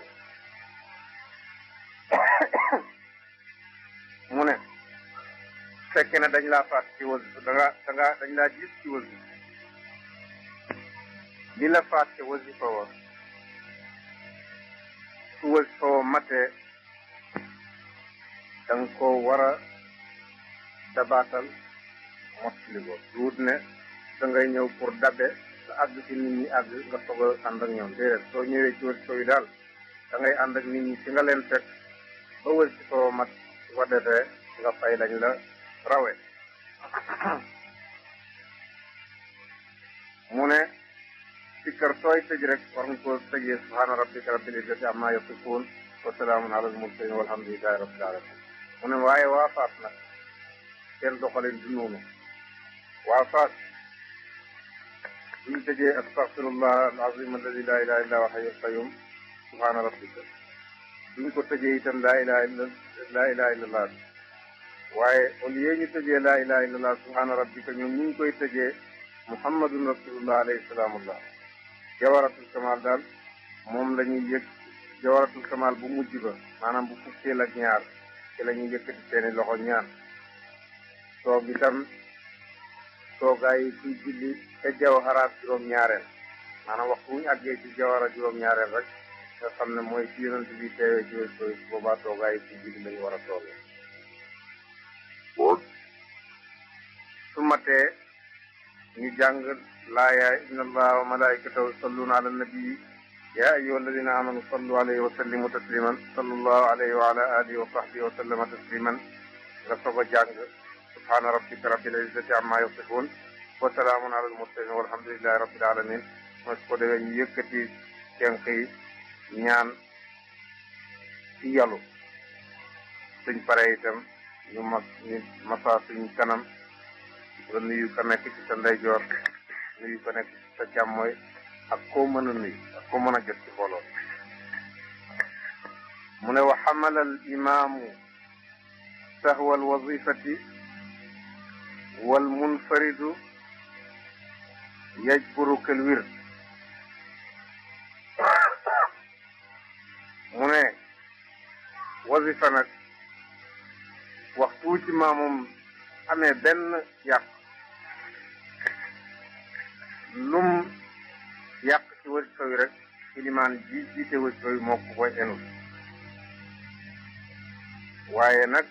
mu فكنا دنجلا na dañ دنجلا faat ci wëz li la fàtte wasifa wa su wasifa wa matee da ko wara dabatal dabaatal dudne da ngay ñew pour dabbe sa àgg ci nit ñi àgg nga togal and ak ñoom déedéet so ñewé ci wasifa yi dal da ngay and ak nit ñi ci nga leen fekk ba wasifa wa mat su ko nga fay lañ la rawé mune sikkar sooy tëj rek war nga koo tëjee subhaana rabbika rabbil izzati amma yasifuun wa salaamun alal mursaliin walhamdulillahi rabbil alamin mu ne waaye waa Fass nag seen doxalin du noonu waa Fass bu ñu tëjee astaghfirullah alazim alladi laa ilaha illa wa hayyul qayyum subhaana rabbika duñ ko tëjee itam laa ilaha illa laa ilaha illallah waaye au lieu ñu tëjee laa ilaha illallah subhaana rabbika ñoom ñu ngi koy tëjee muhammadun rasulullah alayhi salaamullah jawaratul kamal daal moom lañuy ñuy yëg jawaratul kamal bu mujj ba maanaam bu fukkeel ak ñaar ci la yëkkati seeni loxo ñaan toog itam toogaay yi ci julli te jawharaat juróom-ñaareel maanaam waxtu wuñu àggee ci jawara juróom-ñaareel rek nga xam ne mooy ci yonent bi teewee ci wér koy boobaa toogaay yi ci julli la ñu war a toogee su matee ñu jàng laaya inna allaha wa malaikatahu yusalluna ala nabii yaa ayyuha alladina amanu sallu alayhi wa sallimu tasliman sallallahu alayhi wa ala alihi wa sahbihi wa sallama tasliman nga soog a jàng subhana rabbika rabbil izzati amma yasifun wa salaamun ala al mursalin walhamdulillahi rabbil alamin mooy su ko defee ñu yëkkati tenk yi ñaan ci yàllu suñ pare itam ñu mas ñu masa suñ kanam nga nuyu ko nekk ci sa ndeyjoor nuyu ko nekk ci sa càmmooy ak koo mën a nuyu ak koo mën a jot ci mbooloo mu ne wa xamala al imaamu sahwa al wazifati wal munfaridu yajburu kal wird mu ne wazifa nag waxtu ci maamum amee benn yàq lum yàq ci wasifa wi rek ilimaan ji jiite wasifa wi moo ko koy waaye nag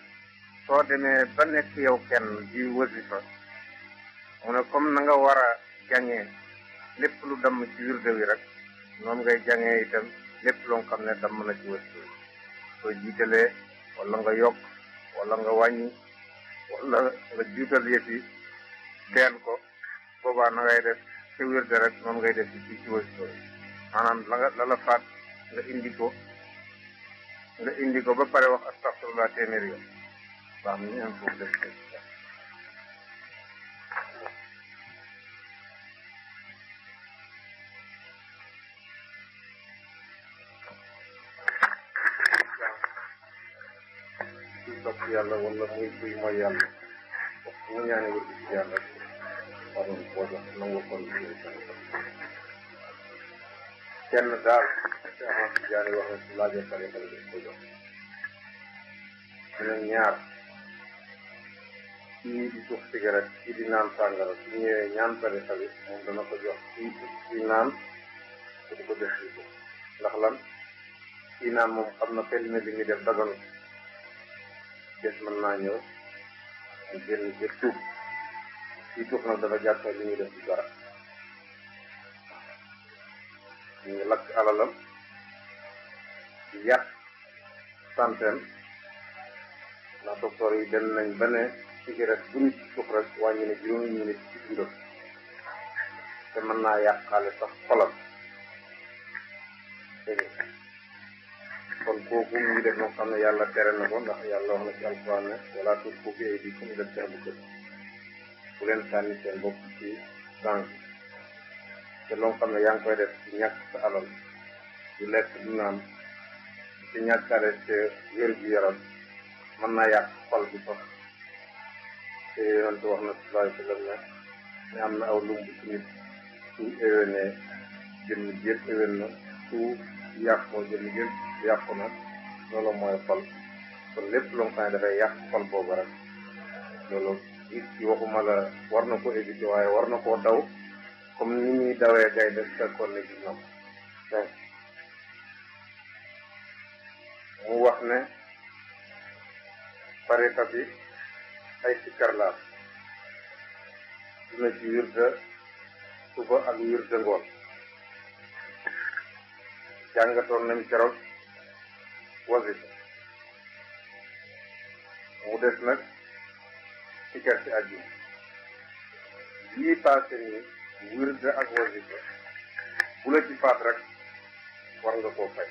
soo demee ba nekk yow kenn di wasifa mu ne comme na nga war a jàngee lépp lu damm ci wirde wi rek noonu ngay jàngee itam lépp loo xam ne damm na ci wasifa wi soo wala nga yokk wala nga wàññi wala nga jiital yëf yi deel ko boobaa na def sa wér de rek moom ngay def ci ci wërsëg maanaam la nga la la faat nga indi ko nga indi ko ba pare wax astaghfirullah téeméer yoon baax na ñu am foofu def ko yàlla wala muy kuy mooy mu ñaane ci waroon boo doon nangu kenn daal ci Ahmad Tijaani wax na su laajee ko jox mu ñaar kii di tux cigarette kii di naan sàngara su ñëwee ñaan tariqa bi moom dana ko jox kii di naan te ko def ko ndax lan kii naan moom xam na fenn li muy def daganu des mën naa ñëw mu génn jël tuub itu kalau na dana ini dan juga def ci dara ñu ngi lakk alalam di yàq santeem ndax docteur yi dem nañ ba ne cigarette bu nit tuux rek wàññi ne juróomi minute ci dundam te mën naa yàqaale sax xolam kon kooku mu ngi def noo xam ne yàlla na ko ndax yàlla wax na ci alquran wala tus ko bi ay def ci abu bu leen sànni seen bopp ci banque te loo xam ne yaa ngi koy def ci ñàkk sa alal du lekk du naan ci ñàkkaare te wér gu yaram mën naa yàq xol bi sax te yonent wax na sallallahu alayhi am na aw lumb ci nit su éwénee jëmm yëpp éwén na su yàqoo jëmm yëpp yàqu na loolu mooy xol kon lépp loo xam ne dafay yàq xol boobu loolu gis ci waxuma la war na ko éviter waaye war na koo daw comme ni ñuy dawee gay def fekkoon ne na mu wax ne farita bi ay sikkar la ci wirda suba ak wirda ngoon jàngatoon nañ keroog wasif mu des nag ci ker si àjjuma yii paase nii wird ak wasifa bu la ci faat rek war nga koo fay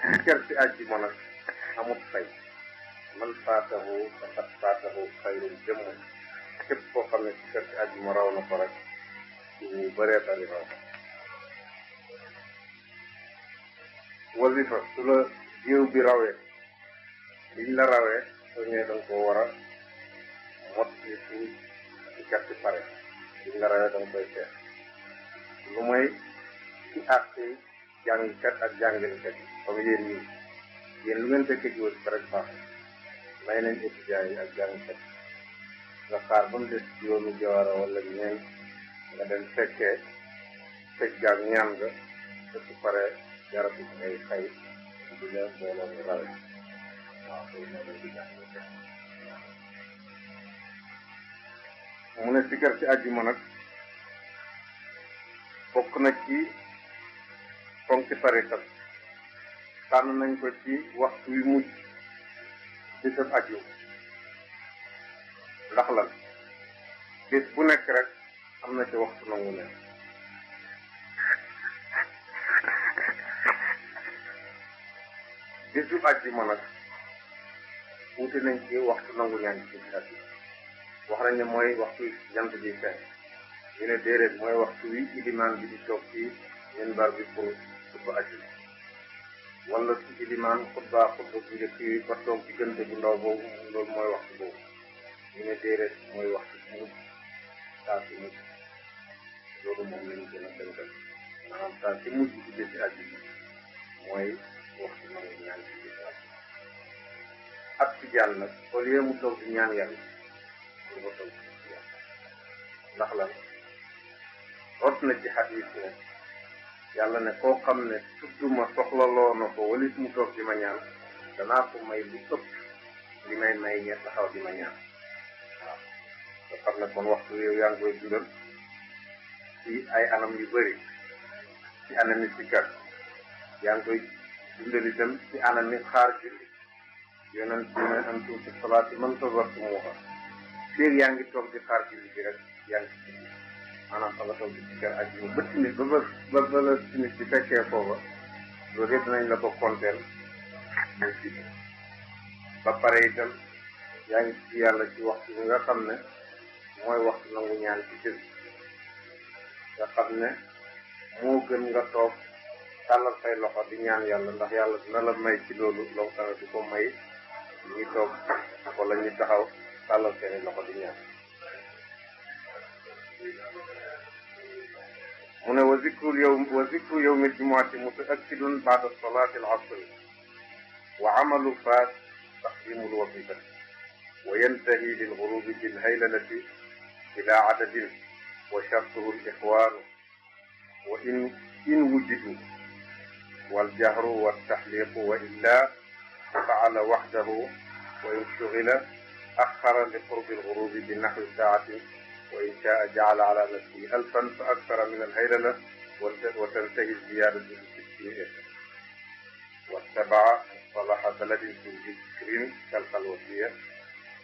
ci ker si àjjuma nag amut fay man faatahu faqad faatahu xayrun jëmm képp koo xam ne ci ker raw na ko rek ñu bëree bari raw wasifa su la géew bi rawee liñ la rawee soo ñëwee da nga koo war a ci suñ ci pare liñ la rawee da koy seet lu mooy ci àtte jàngkat ak jàngalekat yi comme yéen ñii yéen lu ngeen fekkee jiwóor par exemple may nañ étudiants yi ak jàngkat nga xaar ba mu des juróomi jawaara wala ñeent nga dem fekkee fekk jaag ñaan nga te su paree jaratu ngay xay du leen booloo rawee mu ne sikar ci àjjuma nag bokk na ci ponki tariqa tànn nañ ko ci waxtu wi mujj di sab àjjuma ndax lan bis bu nekk rek am na ci waxtu nangu ne bisu àjjuma nag wuute nañ ci waxtu nangu ñaan ci sat wax nañ ne mooy waxtu jant bi fenk ñu ne déedéet mooy waxtu wi ilimaan bi di toog ci minbar bi pour xutba ajjuma wala ci ilimaan xutba xutba bu njëkk yi ba toog diggante bu ndaw boobu loolu mooy waxtu boobu ñu ne déedéet mooy waxtu bu mujj saa si a dënkal maanaam saa si ci ajjuma mooy waxtu nangu ñaan ci ak tijaan nag au lieu mu toog di ñaan yàlla lu ma toog di ñaan ndax lan rot na ne yàlla ne koo xam ne tudd ma soxlaloo na ko walit mu toog ma ñaan danaa ko may lu ëpp li may may ñe taxaw di ma ñaan waaw nga xam ne kon waxtu yow yaa ngi koy dundal ci ay anam yu bari ci anami sikkar yaa ngi koy dundal itam ci anami xaar julli yonent bi ne antum fi salaati man tawartumuha yaa ngi toog di xaar julli bi rek yaa ngi ci julli maanaam nga toog di ci kër ak jiw ba timis ba ba ba la timis bi fekkee foofa loolu yëpp dinañ la ko konteel ba pare itam yaa ngi ci yàlla ci waxtu bi nga xam ne mooy waxtu nangu ñaan ci jël nga xam ne moo gën nga toog tàllal say loxo di ñaan yàlla ndax yàlla dina la may ci loolu loo ne du ko may ñi toog wala ñi taxaw tàllal seeni loxo di ñaan mu ne wa zikru yow wa zikru yowmi jumuati mutaakidun baada salaati al asri wa amalu faas taqdimu l wasifati wa yantahi lil gurubi bil haylanati ila adadin wa shartuhu l ixwaanu wa in in wujidu wal jahru wa taxliqu wa illa فعل وحده وإن شغل أخر لقرب الغروب بنحو الساعة وإن شاء جعل على نفسه ألفا فأكثر من الهيللة وتنتهي الزيادة بستين إلفا واتبع مصطلح بلد في الذكر كالخلوتية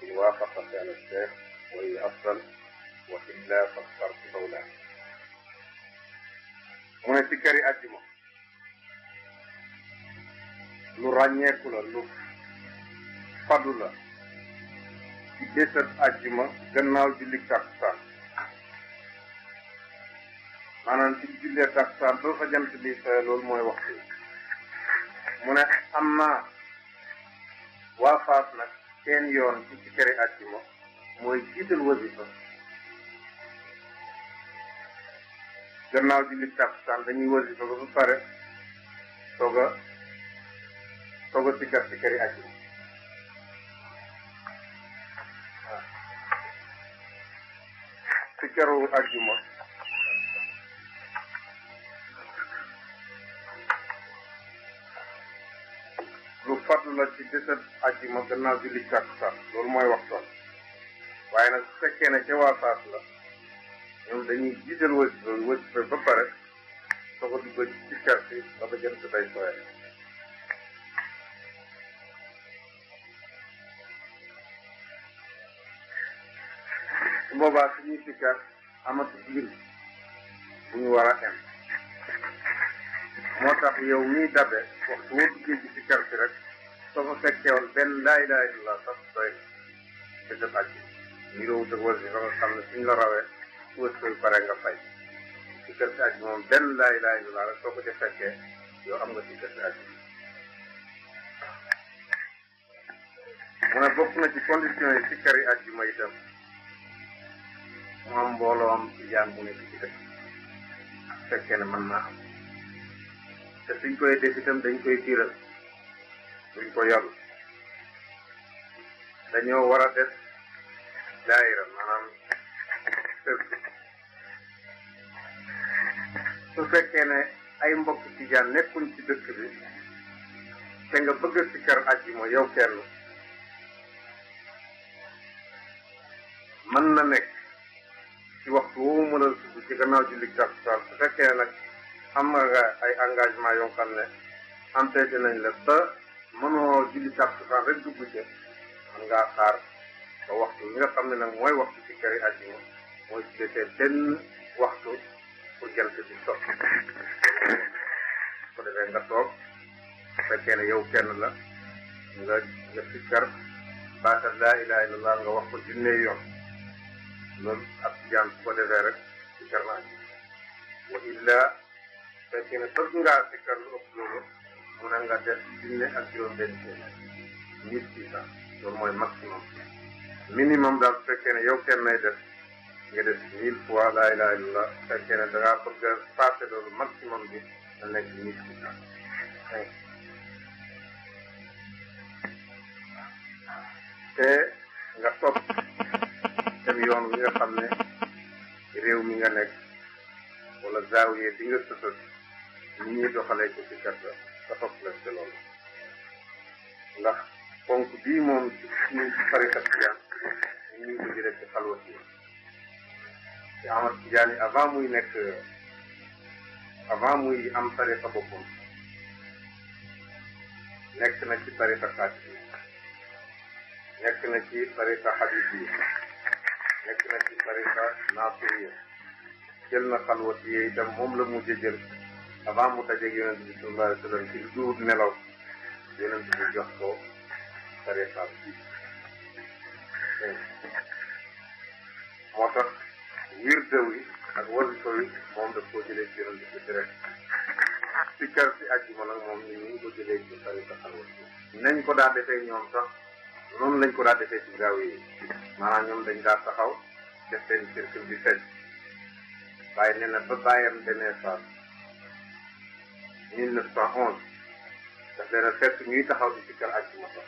إن وافق فعل الشيخ وهي أفضل وإلا فالصرف فولاه. هنا تكري أجمل lu ràññeeku la lu faddu la ci bésab gannaaw julli takkusaan maanaam ci jullee takkusaan fa jant bi sa loolu mooy waxtu mu ne am naa waa Faas nag seen yoon ci ci kere àjjuma mooy jiital wasifa gannaaw julli takkusaan dañuy wasifa ba ba pare soog a soog a sikkar sikkari àjjuma waaw sikkaru àjjuma lu fadlu la ci desat àjjuma gannaaw julli takkusaan loolu mooy waxtoon waaye nag fekkee ne ca waa la ñoom dañuy jiital wasifa wasifa ba pare soog a dugg ci sikkar si ba ba jël sa day sooyee boobaa suñuy sikkar amatu diir bu war a em moo tax yow mii dabe waxtu woo duggee ci sikkar rek soo fa fekkeewal benn laa ilaaha illallaah sax doy te sa bàcc ñu doon wutag wërsëg ba nga xam ne suñ la rawee wërsëg pare nga fay sikkar si aj moom benn laay laa ilaaha illallaah rek soo ko ca fekkee yow am nga sikkar si aj mu ne bokk na ci condition yi sikkar yi àjjuma itam moom mbooloom tijaan bu nekk ci dëkk ak fekkee ne mën naa am te suñ koy def dañ koy tiiral duñ ko yoll dañoo war a def daayira maanaam su fekkee ne ay mbokk tijaan nekkuñ ci dëkk bi te nga bëgg si kër àjjuma yow kenn mën na nekk waxtu woowu mën a dugg ci gannaaw julli takkusaan su fekkee nag am nga ay engagement yoo xam ne empêché nañ la ba mënoo julli takkusaan rek dugg ci xam ngaa xaar ba waxtu yi nga xam ne nag mooy waxtu ci këri àjjuma mooy jotee benn waxtu pour jant bi so ko defee nga toog su fekkee ne yow kenn la nga nga sikkar baata laa ilaha illallah nga wax ko junne yoon loolu ak jaan bu ko defee rek ci carnat bi wa illa fekkee ne toog ngaa sikkar lu ëpp loolu mun a nga def junne ak juróom benn téeméer mille six cent loolu mooy maximum minimum daal fekkee ne yow kenn def nga def mille fois laa ilaha illallah fekkee ne dangaa bëgg a passé loolu maximum bi na nekk mille six te nga topp dem yoon bi nga xam ne réew mi nga nekk wala zaawiye bi nga sësat ni ñuy doxalee ko ci kàdda nga topp leen ci loolu ndax ponk bii moom ci tariqa tijaan ñu ngi ko jëlee ci xalwat ci Ahmad Tijaan yi avant muy nekk avant muy am tariqa boppam nekk na ci tariqa kaat na ci tariqa xadiis yi nekk na ci tariqa naasiriya jël na xalwat yi itam moom la mujj jël avant mu dajeeg yonent bi sallallahu alayhi wa sallam ci duut nelaw yonent bi jox ko tariqa bi moo tax wirde wi ak wasifa wi moom daf koo jëlee ci yonent bi direct si kar si àjjuma nag moom ni ñu ngi ko jëlee ci tariqa xalwat nañ ko daa defee ñoom sax noonu lañ ko daa defee ci gaaw yi maanaam ñoom dañ daa taxaw def seen circle di fecc bàyyi nee na ba bàyyam demee Fass mille neuf cent onze daf leen a fekk ñuy taxaw di sikkar àjjuma sax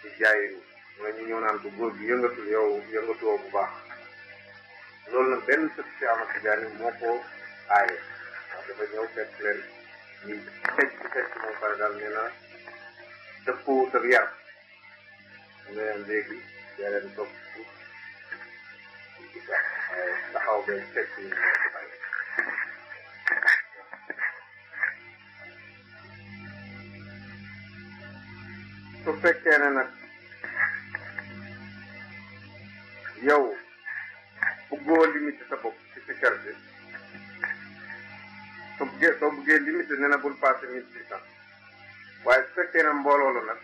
di jaayin mooy ñu ñëw naan bu góor gi yëngatul yow yëngatuwoo bu baax loolu nag benn sët si Ahmad Tijaani moo ko aaye ndax dafa ñëw fekk leen ñuy fecc fecc moom pare daal nee na dëppoo yar nga leen dégg nga leen topp taxaw ba fekk ñu su fekkee ne nag yow bëggoo limité sa bopp ci sikkar bi soo bëggee soo bëggee limité nee na bul passé mille six cent waaye su fekkee ne mbooloo la nag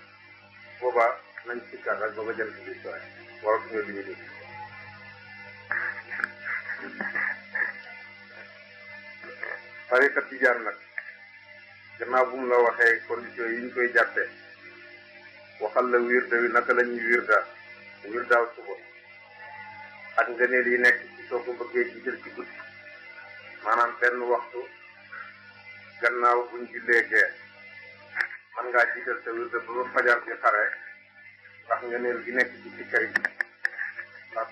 మంచి కథ గుబజన తీసుకోవాలి వరకు వెళ్ళి tariqa tijaan nag gannaaw bu mu la waxee condition yi ñu koy jàppee waxal la wirda wi naka la ñuy wirda wirdaaw suba ak ngëneel yi nekk ci soo ko bëggee ci jël ci guddi maanaam benn waxtu gannaaw buñ jullee gee man ngaa jiital sa wirda ba ba fajar bi xare ndax ngëneel gi nekk ci sikkar yi ndax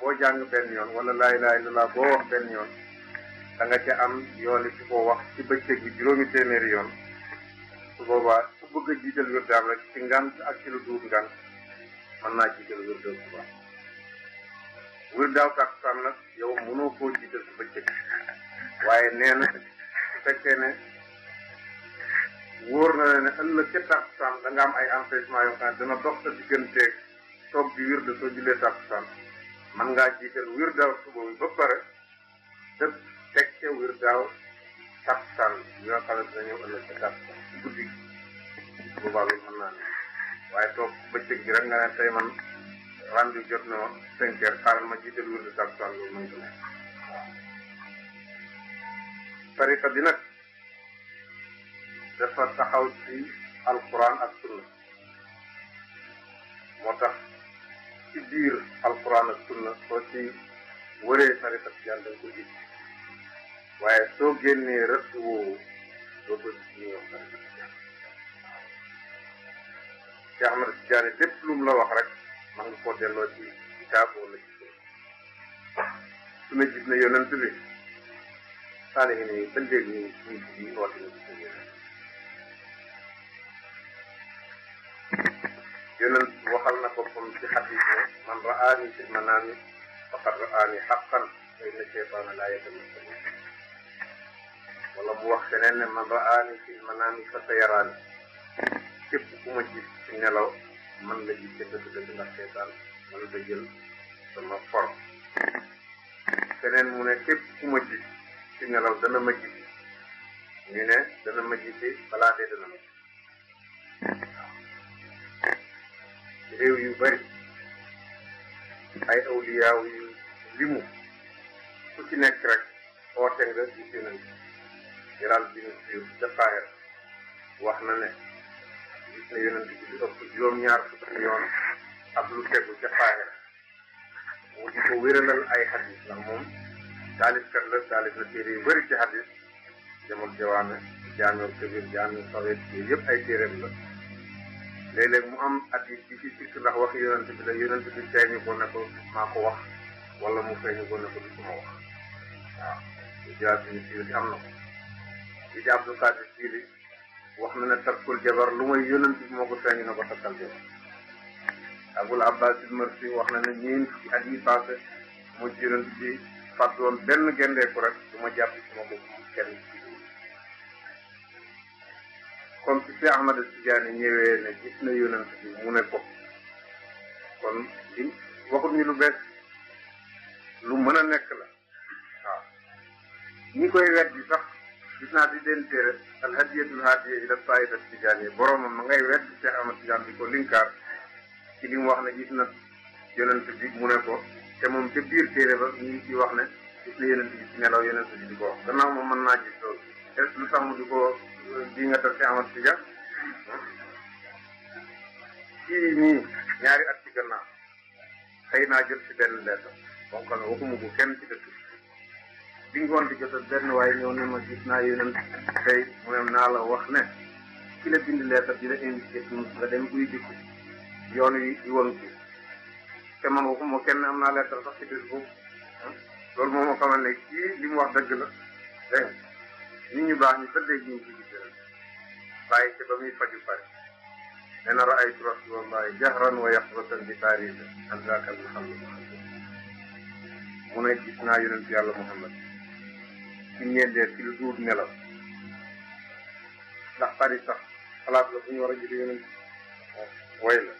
boo jàng benn yoon wala laa ilaaha illallaah boo wax benn yoon da nga am yooli ci ko wax ci bëccëg bi juróomi téeméeri yoon su boobaa a jiital wird am rek ci ngant ak ci lu duut ngant mën naa jiital wird bu baax wir daaw tàkkusaan yow mënoo koo jiital ci bëccëg waaye nee na fekkee ne wóor na ne ëllëg ca takkusaan da nga am ay empêchement yoo xam ne dana dox sa digganteeg toog di wirde soo jullee takkusaan man ngaa jiital wirdaaw suba bi ba pare te teg ca wirdaaw takkusaan bi nga xam ne dina ñëw ëllëg ca takkusaan guddi gi boobaa waaye toog bëccëg bi rek nga ne tey man rendu jot na cinq xaaral ma jiital wirde takkusaan loolu mën ko nekk waaw tariqa bi dafa taxaw ci alquran ak sunna moo tax ci biir alquran ak sunna soo ci wëree tariqa tijaan da ko gis waaye soo génnee rëdd woowu doo ko gis ci Ahmad Tijaani lépp lu mu la wax rek man nga koo delloo ci kitaab wala ci sunna sunna gis na yonent bi saalihin yi ba léegi ñu ngi ci woote na yonent waxal na boppam ci xadis ne man raani fi manaami faqad raani xaqan fa inna cheytaana laa yatamassalu wala bu wax feneen ne man raani fi manaami fa sayaraani képp ku ma gis ci nelaw man la gis ca dëgg-dëgg ndax cheytaan man la jël sama forme feneen mu ne képp ku ma gis ci nelaw dana ma gis ñu ne dana ma gisi balaa dee dana ma gis réew yu bari ay awliyaaw yu limu ku ci nekk rek oote nga gis nañ jalaal bin Suyuut wax na ne gis na yonent bi ëpp juróom-ñaar fukki yoon ak lu tegu ca mu di ko wéralal ay xadis ndax moom taalif kat la taalif na téere yu bari ci xadis jamul jawaame jaamul kabir jaamul sawet yooyu yëpp ay téeréem la léeg-léeg mu am hadis bi ci sikk ndax wax yonent bi la yonent bi feeñu ko ne ko maa ko wax wala mu feeñu ko ne ko du suma wax waaw jawaab bi am na ko ci jaab lu kaddu sii wax na ne takkul jabar lu may yonent bi moo ko feeñu ne ko takkal jabar abul abbas il wax na ne ñeent ci at yi passé mu yonent bi fàttoon benn gendeeku rek du ma jàpp suma bopp kenn comme si Cheikh Ahmad Tidiane ñëwee ne gis na yonent bi mu ne ko kon waxut ñu lu bees lu mën a nekk la waaw ñi koy wet bi sax gis naa di leen téere alhadiyatul hadiya ila saida Tidiane boromam ma ngay wet Cheikh Ahmad Tidiane di ko linkaar ci li mu wax ne gis na yonent bi mu ne ko te moom ca biir téere ba ñu ci wax ne gis na yonent bi ci nelaw yonent bi di ko wax moom mën naa gis loolu est lu tax mu di ko di nga toog si Amadou Sidia kii nii ñaari at ci gannaaw xëy naa jot si benn lettre donc kon waxuma ko kenn ci dëkk bi ngoon di jot benn waaye ñëw ne ma gis naa yeneen ne naa la wax ne bind lettre di yoon wi am naa lettre sax ci bés boobu loolu moo ma xamal ne kii li mu wax dëgg la dégg nit ñu baax ñu ba léegi ñu bàyyi ci ba muy faju pare nee na raaytu rasulallahi jahran wa yaxratan bi taarisa andaakal mu ne gis naa yonent yàlla muhammad ci ñeenteel ci lu duur nelaw ndax tari sax xalaat la bu war a jëlee yonent way la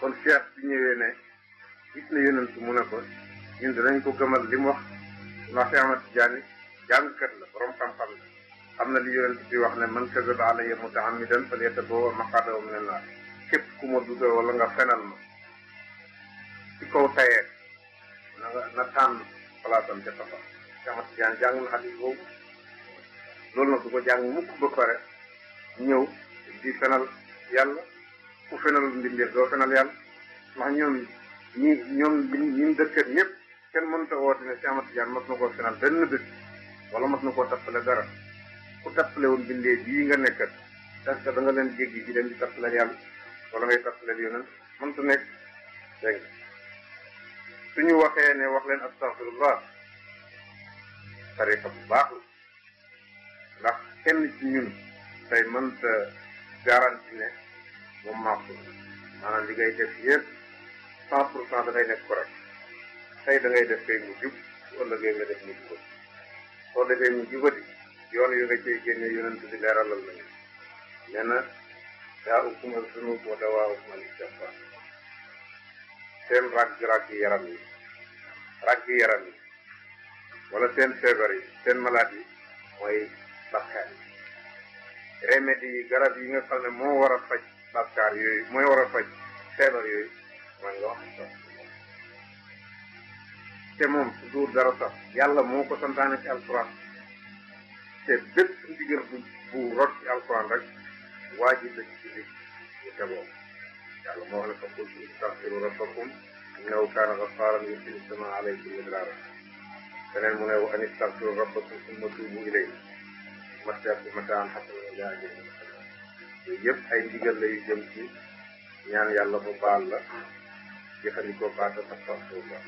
kon cheikh bi ñëwee ne gis na yonent mu ne ko ñun dinañ ko gëmal li mu wax ndax Cheikh Ahmad Tidiane jàngkat la borom xam-xam la am na li yonent bi wax ne man kadaba alayya mutaamidan falyatabawwa maqadahu min annaar képp ku ma dugal wala nga fenal ma ci kaw tayee na nga na tànn palaasam ca safara Cheikh Tidiane jàng na xadis boobu nag ko jàng mukk ba pare ñëw di fenal yàlla ku fenal mbindeef doo fenal yàlla ndax ñoom ñi ñoom ñi dëkkat ñëpp kenn mënta woote ne Cheikh Tidiane mas na koo fenal benn dëkk wala mas na koo tappale dara ku tappale woon bindee bii nga nekkat parce que da nga leen jéggi ci dem di tappale yàlla wala ngay tappale yonent man su nekk dégg suñu waxee ne wax leen astaghfirullah tariqa bu baax la ndax kenn ci ñun tey mënta garanti ne moom maafu maanaam li ngay def yëpp cent pour cent da ngay nekk correct tey da ngay def kay mu jub wala ngay nga def mu jubati soo defee mu jubati yoon yu nga cee génne yonent bi leeralal nañu nee na daa ukum ak sunub wa dawaa ukum al istighfar seen ràgg ràgg yaram yi ràgg yaram yi wala seen feebar yi seen malade yi mooy bàkkaar yi remède yi garab yi nga xam ne moo war a faj bàkkaar yooyu mooy war faj feebar yooyu mooy nga wax te moom su duur dara sax yàlla moo ko santaane ci alxuraan te bépp ndigal bu bu rot ci alxuraan rek waajib la ci jullit bu tegoo yàlla moo wax ne fa qul istaghfiru rabbakum innahu kaana gaffaaran yursil samaa alaykum midraara feneen mu ne wa an istaghfiru rabbakum summa tuubu ilayhi mastaatu mataan xasanan ilaa ajalin musammaa yooyu yëpp ay ndigal la yu jëm ci ñaan yàlla bu baal la jëfandikoo baata astaghfirullah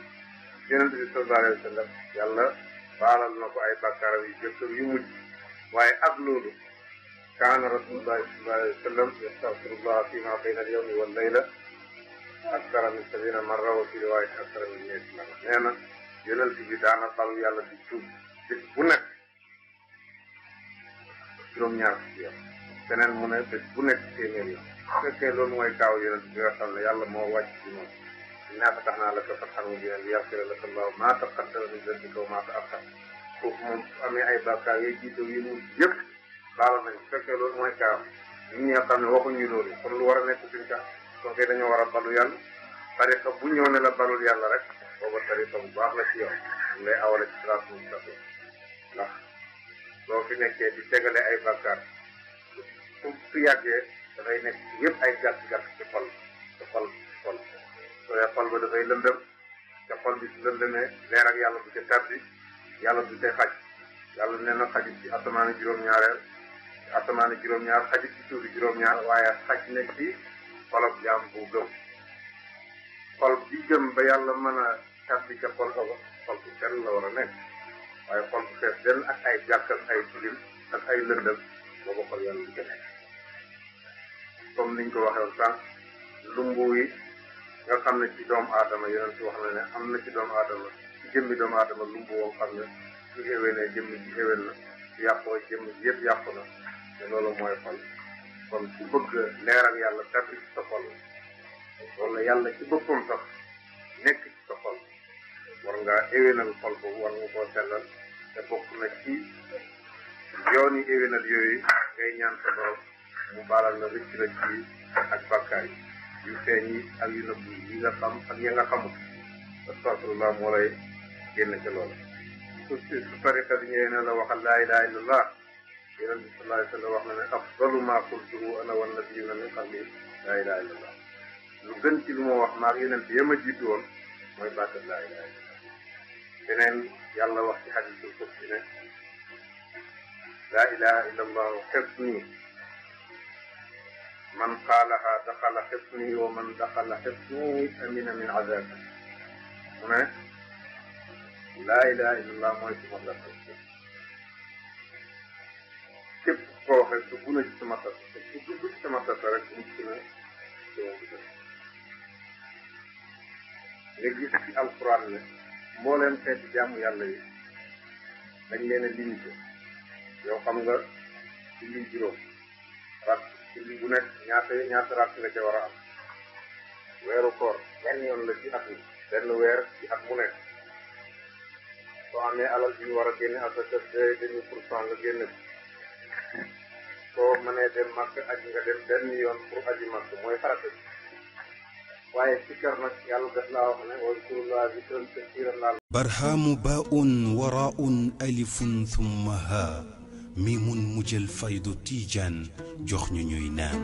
yonente bi sallallahu alayhi wa sallam yàlla baalal na ko ay bàkkaaram yu jëkkër yu mujj waaye ak loolu kaana rasulullahi sallallahu alayhi wa sallam yastaghfirullah fi ma bayna al-yawmi wal layla akthara min sabina marra wa fi riwayat akthara min mi'ati marra nee na yonent bi daana balu yàlla di tuub bés bu nekk juróom-ñaar fukki yoon beneen mu ne bés bu nekk téeméer yoon su fekkee loolu mooy gaaw yonent bi nga xam ne yàlla moo wàcc ci moom innaa fatahnaa laka fathan mubiinan liyaghfira laka allahu maa taqaddama min dhanbika wa maa ta'akhkhara foofu moom amee ay bàkkaar yooyu jiite yu mu yëpp baal nañ su fekkee loolu mooy kaam ñi nga xam waxuñu loolu kon lu war a nekk suñ ka sookee dañoo war a balu yàlla tariqa bu ñëw ne la balul yàlla rek booba tariqa bu baax la ci yow ñu lay awale ci salaat mu mustaqim ndax soo fi nekkee di tegale ay bàkkaar su su yàggee dafay nekk yëpp ay gàtt-gàtt ci xol ci xol ci xol soo xol ba dafay lëndëm te xol bi su lëndëmee leer ak yàlla bu ca tabbi yàlla du tey xaj yàlla nee na xajit ci asamaan juróom-ñaareel asamaan juróom-ñaar xajit ci suufi juróom-ñaar waaye xaj nekk ci xolob jaam bu gëm xol bi gëm ba yàlla mën a tàbbi ca xol ba xol bu sell la war a nekk waaye xol bu fees benn ak ay jàkk ak ay tilim ak ay lëndëm booba xol yàlla du ca nekk comme niñ ko waxee woon sànq lumbu yi nga xam ne ci doomu aadama yeneen si wax na ne am na ci doomu aadama jëmmi doomu aadama lumbu woo xam ne su xéwénee jëmmi ji xéwén na su yàqoo jëmmi ji yëpp yàqu na loolu mooy xol kon ku bëgg leeral yàlla tabbi ci sa xol wala yàlla ci boppam sax nekk ci sa xol war ngaa éwénal xol boobu war nga koo sellal te bokk na ci yoon yi yooyu ngay ñaan sa mu baalal na rëcc rëcc yi ak bàkkaar yu feeñ yi ak yu nëbb yi nga xam ak ya nga xamut astaghfirullah moo lay génn ca loolu su su tariqa bi ñëwee ne la waxal laa ilaha illa allah yonent bi sallallahu alayhi wa sallam wax na ne afdalu ma qultuhu ana wan nabiyuna min qabli laa ilaha illa allah lu gën ci lu ma wax maag yeneen bi yem a jiitu woon mooy baatal laa ilaha illa allah beneen yàlla wax ci xadisul qudsi ne laa ilaha illa allah xifni man qaalaha daxala xifni wa man daxala xifni amina min azab mu ne laa ilaha illallah mooy sama dara képp koo xam ne ci sama dara te bu dugg na sama nga gis ci alquran ne mbooleem xeeti jàmm yàlla yi dañ leen a limité yow xam nga julli juróom rat julli bu nekk ñaata ñaata rat nga ca war a am weeru koor benn yoon la ci at mi benn weer ci at mu nekk soo amee alal bi war a génne asaka demi pour cent ko mënee dem màkk aji nga dem benn yoon pour aji màkk mooy farata bi waaye sikkar nag yàlla def laa wax ne wazkurullaaha zikran kasiiran laal barhaamu baa'un waraa'un alifun thumma haa miimun mujjal faydu tiijaan jox ñu ñuy naan